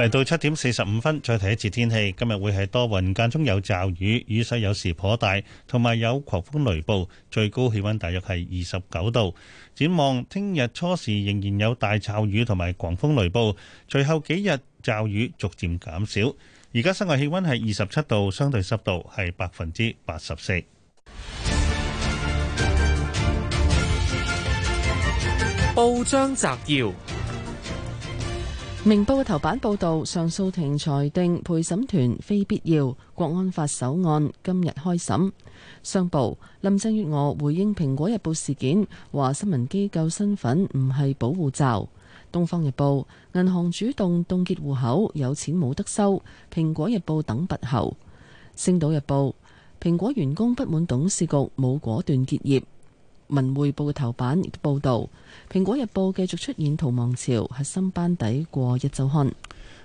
嚟到七點四十五分，再睇一次天氣。今日會係多雲，間中有驟雨，雨勢有時頗大，同埋有狂風雷暴。最高氣溫大約係二十九度。展望聽日初時仍然有大驟雨同埋狂風雷暴，隨後幾日驟雨逐漸減少。而家室外氣溫係二十七度，相對濕度係百分之八十四。報章摘要。明報嘅頭版報道，上訴庭裁定陪審團非必要，國安法首案今日開審。商報，林鄭月娥回應蘋果日報事件，話新聞機構身份唔係保護罩。東方日報，銀行主動凍結戶口，有錢冇得收。蘋果日報等拔喉。星島日報蘋果員工不滿董事局冇果斷結業。文匯報嘅頭版亦都報道，蘋果日報繼續出現逃亡潮，核心班底過一週。看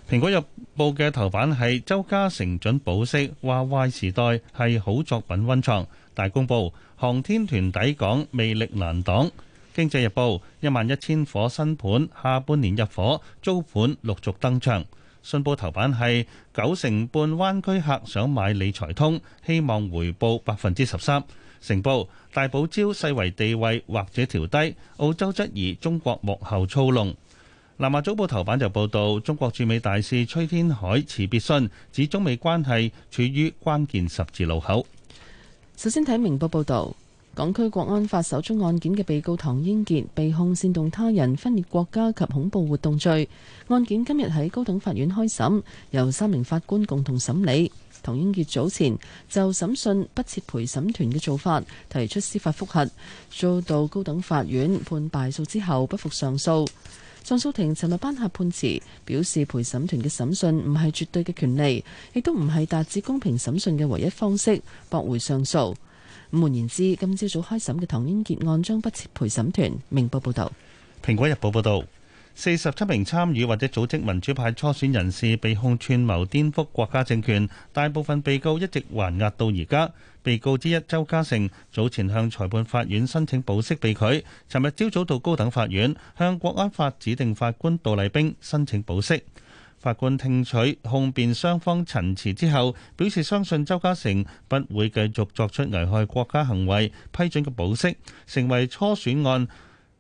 蘋果日報嘅頭版係周家成准保釋，話壞時代係好作品溫床。大公報航天團抵港，魅力難擋。經濟日報一萬一千伙新盤，下半年入伙，租盤陸續登場。信報頭版係九成半灣區客想買理財通，希望回報百分之十三。成報，大保礁世遺地位或者調低，澳洲質疑中國幕後操弄。南華早報頭版就報道，中國駐美大使崔天凱辭別信指中美關係處於關鍵十字路口。首先睇明報報導，港區國安法首宗案件嘅被告唐英傑被控煽動他人分裂國家及恐怖活動罪，案件今日喺高等法院開審，由三名法官共同審理。唐英傑早前就審訊不設陪審團嘅做法提出司法複核，遭到高等法院判敗訴之後不服上訴。上訴庭尋日頒下判詞，表示陪審團嘅審訊唔係絕對嘅權利，亦都唔係達至公平審訊嘅唯一方式，駁回上訴。換言之，今朝早開審嘅唐英傑案將不設陪審團。明報報道，蘋果日報報道。四十七名參與或者組織民主派初選人士被控串謀顛覆國家政權，大部分被告一直還押到而家。被告之一周家成早前向裁判法院申請保釋被拒，尋日朝早到高等法院向國安法指定法官杜麗冰申請保釋。法官聽取控辯雙方陳詞之後，表示相信周家成不會繼續作出危害國家行為，批准嘅保釋成為初選案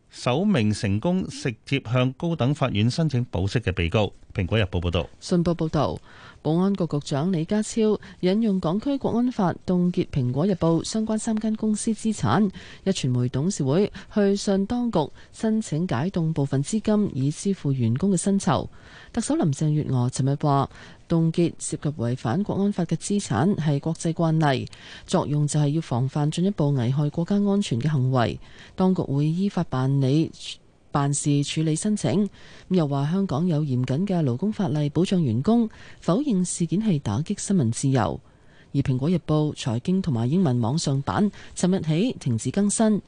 首名成功直接向高等法院申請保釋嘅被告。《蘋果日報》報道，《信報》報導。保安局局長李家超引用港區國安法凍結蘋果日報相關三間公司資產，壹傳媒董事會去信當局申請解凍部分資金，以支付員工嘅薪酬。特首林鄭月娥尋日話：凍結涉及違反國安法嘅資產係國際慣例，作用就係要防範進一步危害國家安全嘅行為。當局會依法辦理。辦事處理申請，又話香港有嚴謹嘅勞工法例保障員工，否認事件係打擊新聞自由。而《蘋果日報》財經同埋英文網上版，尋日起停止更新。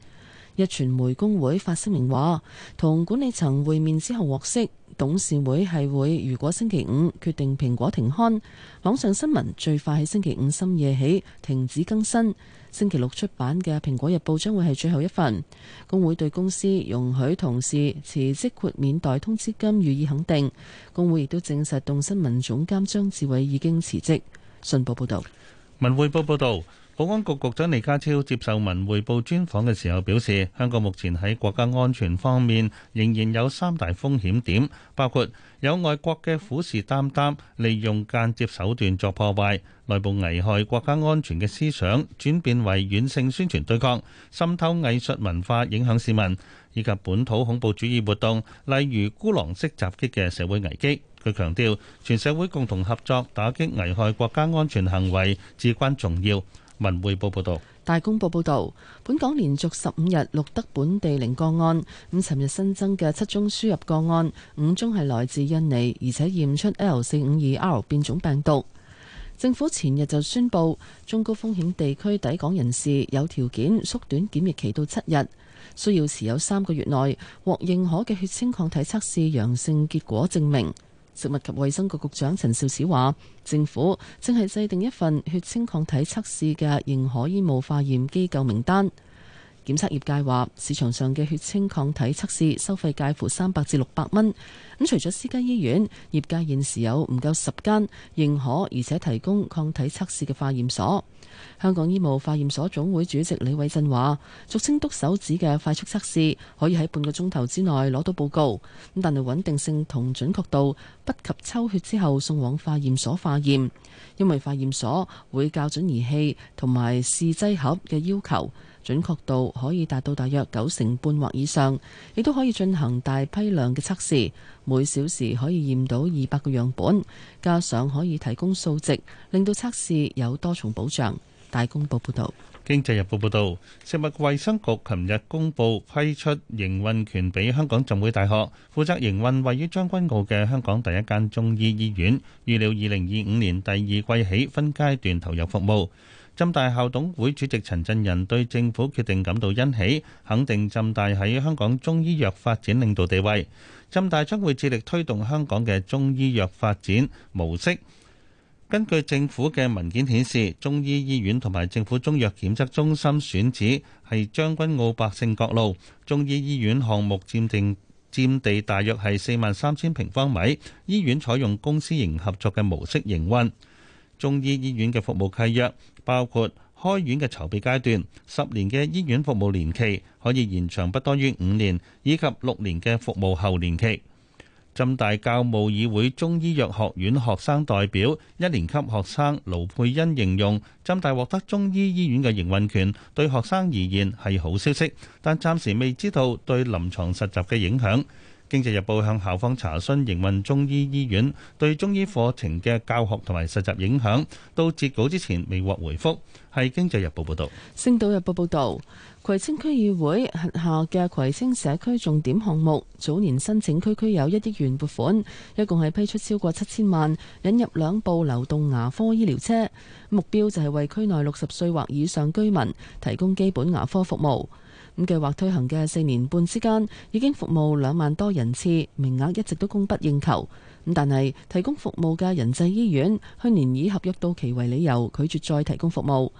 壹傳媒工會發聲明話，同管理層會面之後獲悉，董事會係會如果星期五決定蘋果停刊，網上新聞最快喺星期五深夜起停止更新。星期六出版嘅《蘋果日報》將會係最後一份。工會對公司容許同事辭職豁免代通知金予以肯定。工會亦都證實動新聞總監張志偉已經辭職。信報報道。文匯報報導。保安局局長李家超接受文匯報專訪嘅時候表示，香港目前喺國家安全方面仍然有三大風險點，包括有外國嘅虎視眈眈，利用間接手段作破壞；內部危害國家安全嘅思想轉變為軟性宣傳對抗，滲透藝術文化影響市民，以及本土恐怖主義活動，例如孤狼式襲擊嘅社會危機。佢強調，全社會共同合作打擊危害國家安全行為至關重要。文匯報報道，大公報報道，本港連續十五日錄得本地零個案。咁，尋日新增嘅七宗輸入個案，五宗係來自印尼，而且驗出 L 四五二 R 變種病毒。政府前日就宣布，中高風險地區抵港人士有條件縮短檢疫期到七日，需要持有三個月內獲認可嘅血清抗體測試陽性結果證明。食物及衛生局局長陳肇始話，政府正係制定一份血清抗體測試嘅認可醫務化驗機構名單。檢測業界話，市場上嘅血清抗體測試收費介乎三百至六百蚊。咁除咗私家醫院，業界現時有唔夠十間認可而且提供抗體測試嘅化驗所。香港醫務化驗所總會主席李偉振話，俗稱篤手指嘅快速測試可以喺半個鐘頭之內攞到報告，咁但係穩定性同準確度不及抽血之後送往化驗所化驗，因為化驗所會校準儀器同埋試劑盒嘅要求。準確度可以達到大約九成半或以上，亦都可以進行大批量嘅測試，每小時可以驗到二百個樣本，加上可以提供數值，令到測試有多重保障。大公報報導，《經濟日報》報導，食物衞生局琴日公布批出營運權俾香港浸會大學，負責營運位於將軍澳嘅香港第一間中醫醫院，預料二零二五年第二季起分階段投入服務。浸大校董會主席陳振仁對政府決定感到欣喜，肯定浸大喺香港中醫藥發展領導地位。浸大將會致力推動香港嘅中醫藥發展模式。根據政府嘅文件顯示，中醫醫院同埋政府中藥檢測中心選址係將軍澳百勝角路。中醫醫院項目佔定佔地大約係四萬三千平方米。醫院採用公私營合作嘅模式營運。中醫醫院嘅服務契約。包括開院嘅籌備階段，十年嘅醫院服務年期可以延長不多於五年，以及六年嘅服務後年期。浸大教務議會中醫藥學院學生代表一年級學生盧佩欣形容，浸大獲得中醫醫院嘅營運權對學生而言係好消息，但暫時未知道對臨床實習嘅影響。經濟日報向校方查詢營運中醫醫院對中醫課程嘅教學同埋實習影響，到截稿之前未獲回覆。係經濟日報報道。星島日報報道，葵青區議會轄下嘅葵青社區重點項目，早年申請區區有一億元撥款，一共係批出超過七千萬，引入兩部流動牙科醫療車，目標就係為區內六十歲或以上居民提供基本牙科服務。咁計劃推行嘅四年半之間，已經服務兩萬多人次，名額一直都供不應求。咁但係提供服務嘅仁濟醫院去年以合約到期為理由拒絕再提供服務。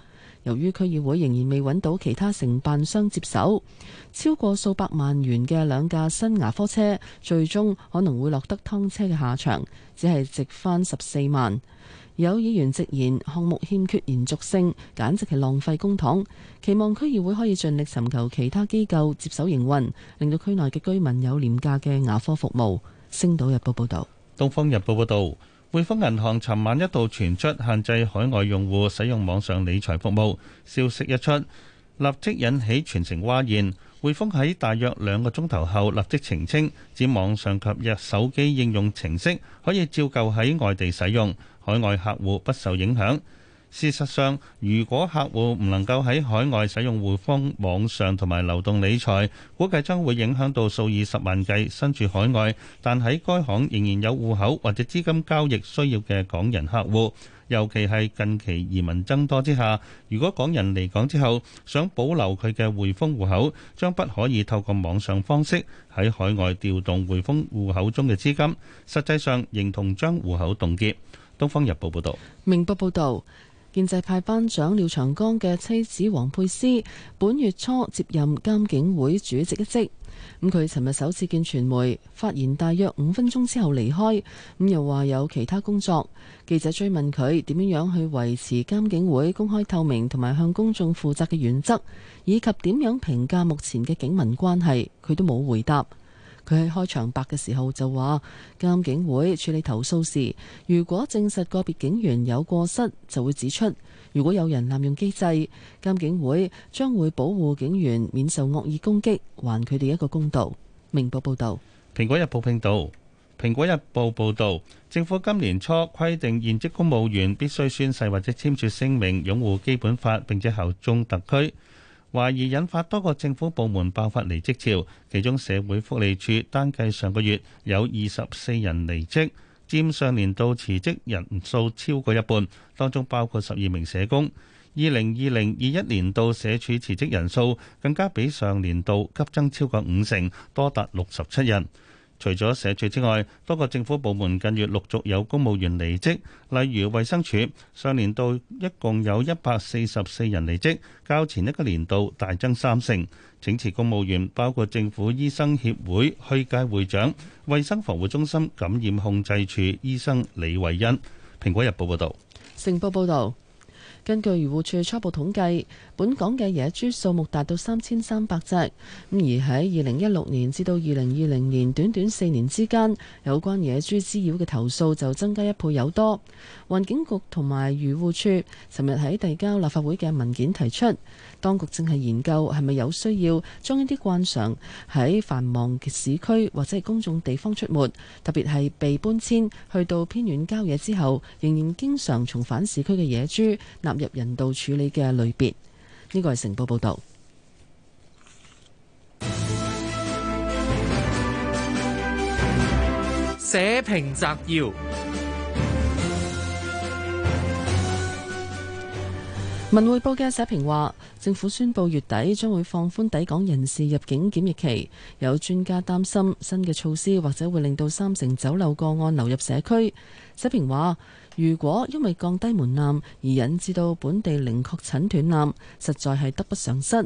由於區議會仍然未揾到其他承辦商接手，超過數百萬元嘅兩架新牙科車，最終可能會落得劏車嘅下場，只係值返十四萬。有議員直言，項目欠缺延續性，簡直係浪費公帑。期望區議會可以盡力尋求其他機構接手營運，令到區內嘅居民有廉價嘅牙科服務。星島日報報導，《東方日報》報導，匯豐銀行尋晚一度傳出限制海外用戶使用網上理財服務，消息一出，立即引起全城嘩然。匯豐喺大約兩個鐘頭後立即澄清，指網上及日手機應用程式可以照舊喺外地使用。海外客戶不受影響。事實上，如果客戶唔能夠喺海外使用匯豐網上同埋流動理財，估計將會影響到數以十萬計身處海外但喺該行仍然有戶口或者資金交易需要嘅港人客戶。尤其係近期移民增多之下，如果港人離港之後想保留佢嘅匯豐戶口，將不可以透過網上方式喺海外調動匯豐戶口中嘅資金。實際上，認同將戶口凍結。東方日報報道，明報報道，建制派班長廖長江嘅妻子王沛詩本月初接任監警會主席一職。咁佢尋日首次見傳媒，發言大約五分鐘之後離開，咁又話有其他工作。記者追問佢點樣樣去維持監警會公開透明同埋向公眾負責嘅原則，以及點樣評價目前嘅警民關係，佢都冇回答。佢喺開場白嘅時候就話，監警會處理投訴時，如果證實個別警員有過失，就會指出；如果有人濫用機制，監警會將會保護警員免受惡意攻擊，還佢哋一個公道。明報報，報道，《蘋果日報》報道，《蘋果日報》報道，政府今年初規定現職公務員必須宣誓或者簽署聲明，擁護基本法並且效忠特區。懷疑引發多個政府部門爆發離職潮，其中社會福利署單計上個月有二十四人離職，佔上年度辭職人數超過一半，當中包括十二名社工。二零二零二一年度社署辭職人數更加比上年度急增超過五成，多達六十七人。除咗社署之外，多個政府部門近月陸續有公務員離職，例如衛生署上年度一共有一百四十四人離職，較前一個年度大增三成。請辭公務員包括政府醫生協會去屆會長、衛生防護中心感染控制處醫生李慧欣。《蘋果日報》報道，《城報》報道，根據漁護處初步統計。本港嘅野豬數目達到三千三百隻，咁而喺二零一六年至到二零二零年短短四年之間，有關野豬滋擾嘅投訴就增加一倍有多。環境局同埋漁護署尋日喺遞交立法會嘅文件提出，當局正係研究係咪有需要將一啲慣常喺繁忙嘅市區或者係公眾地方出沒，特別係被搬遷去到偏遠郊野之後，仍然經常重返市區嘅野豬納入人道處理嘅類別。呢個係成報報道。社評摘要：文匯報嘅社評話，政府宣布月底將會放寬抵港人士入境檢疫期，有專家擔心新嘅措施或者會令到三成酒樓個案流入社區。社評話。如果因為降低門檻而引致到本地零確診斷纜，實在係得不償失。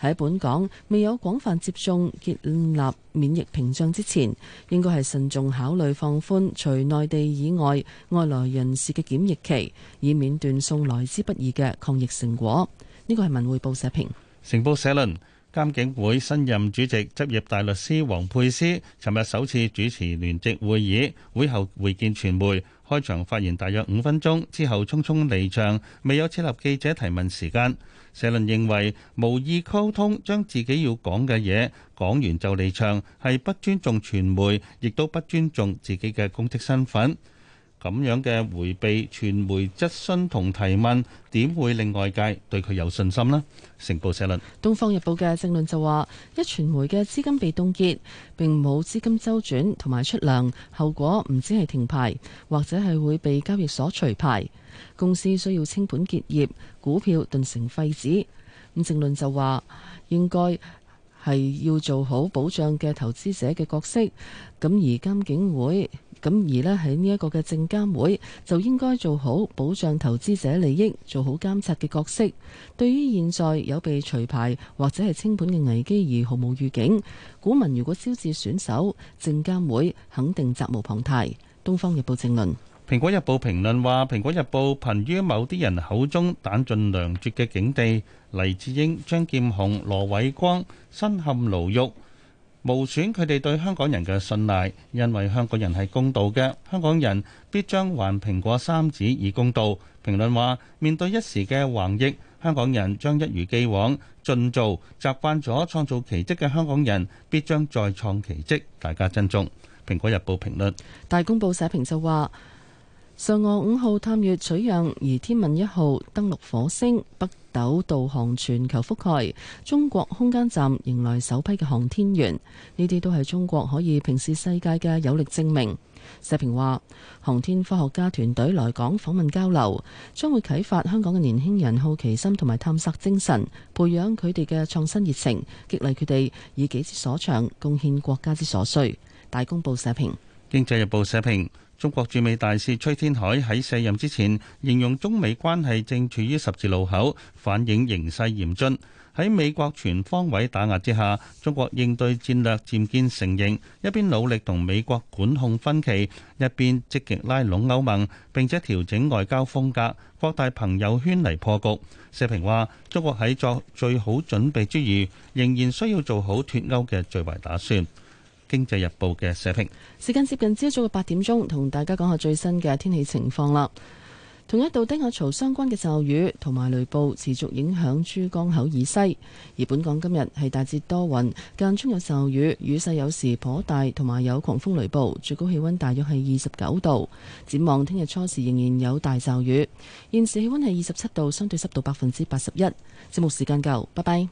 喺本港未有廣泛接種建立免疫屏障之前，應該係慎重考慮放寬除內地以外外來人士嘅檢疫期，以免斷送來之不易嘅抗疫成果。呢個係文匯報社評。成報社論，監警會新任主席、執業大律師王沛詩，尋日首次主持聯席會議，會後會見傳媒。開場發言大約五分鐘，之後匆匆離場，未有設立記者提問時間。社論認為無意溝通，將自己要講嘅嘢講完就離場，係不尊重傳媒，亦都不尊重自己嘅公職身份。咁樣嘅迴避傳媒質詢同提問，點會令外界對佢有信心呢？成報社論，《東方日報》嘅政論就話：一傳媒嘅資金被凍結，並冇資金週轉同埋出糧，後果唔止係停牌，或者係會被交易所除牌。公司需要清盤結業，股票頓成廢紙。咁政論就話：應該係要做好保障嘅投資者嘅角色。咁而監警會。咁而呢喺呢一個嘅證監會就應該做好保障投資者利益、做好監察嘅角色。對於現在有被除牌或者係清盤嘅危機而毫無預警，股民如果招致損手，證監會肯定責無旁貸。《東方日報》正論。蘋論《蘋果日報》評論話，《蘋果日報》瀕於某啲人口中彈盡糧絕嘅境地，黎智英、張劍虹、羅偉光身陷牢獄。無損佢哋對香港人嘅信賴，因為香港人係公道嘅，香港人必將還蘋果三子以公道。評論話，面對一時嘅橫溢，香港人將一如既往進做習慣咗創造奇蹟嘅香港人，必將再創奇蹟。大家珍重，《蘋果日報》評論，《大公報》社評就話。嫦娥五號探月取樣，而天問一號登陸火星，北斗導航全球覆蓋，中國空間站迎來首批嘅航天員，呢啲都係中國可以平視世界嘅有力證明。社評話，航天科學家團隊來港訪問交流，將會啟發香港嘅年輕人好奇心同埋探索精神，培養佢哋嘅創新熱情，激勵佢哋以己之所長，貢獻國家之所需。大公報社評，經濟日報社評。中國駐美大使崔天凱喺卸任之前，形容中美關係正處於十字路口，反映形勢嚴峻。喺美國全方位打壓之下，中國應對戰略漸見成型，一邊努力同美國管控分歧，一邊積極拉攏歐盟，並且調整外交風格，擴大朋友圈嚟破局。社評話：中國喺作最好準備之餘，仍然需要做好脱歐嘅最壞打算。《經濟日報》嘅社評，時間接近朝早嘅八點鐘，同大家講下最新嘅天氣情況啦。同一度低壓槽相關嘅驟雨同埋雷暴持續影響珠江口以西，而本港今日係大致多雲，間中有驟雨，雨勢有時頗大，同埋有狂風雷暴。最高氣温大約係二十九度。展望聽日初時仍然有大驟雨。現時氣温係二十七度，相對濕度百分之八十一。節目時間夠，拜拜。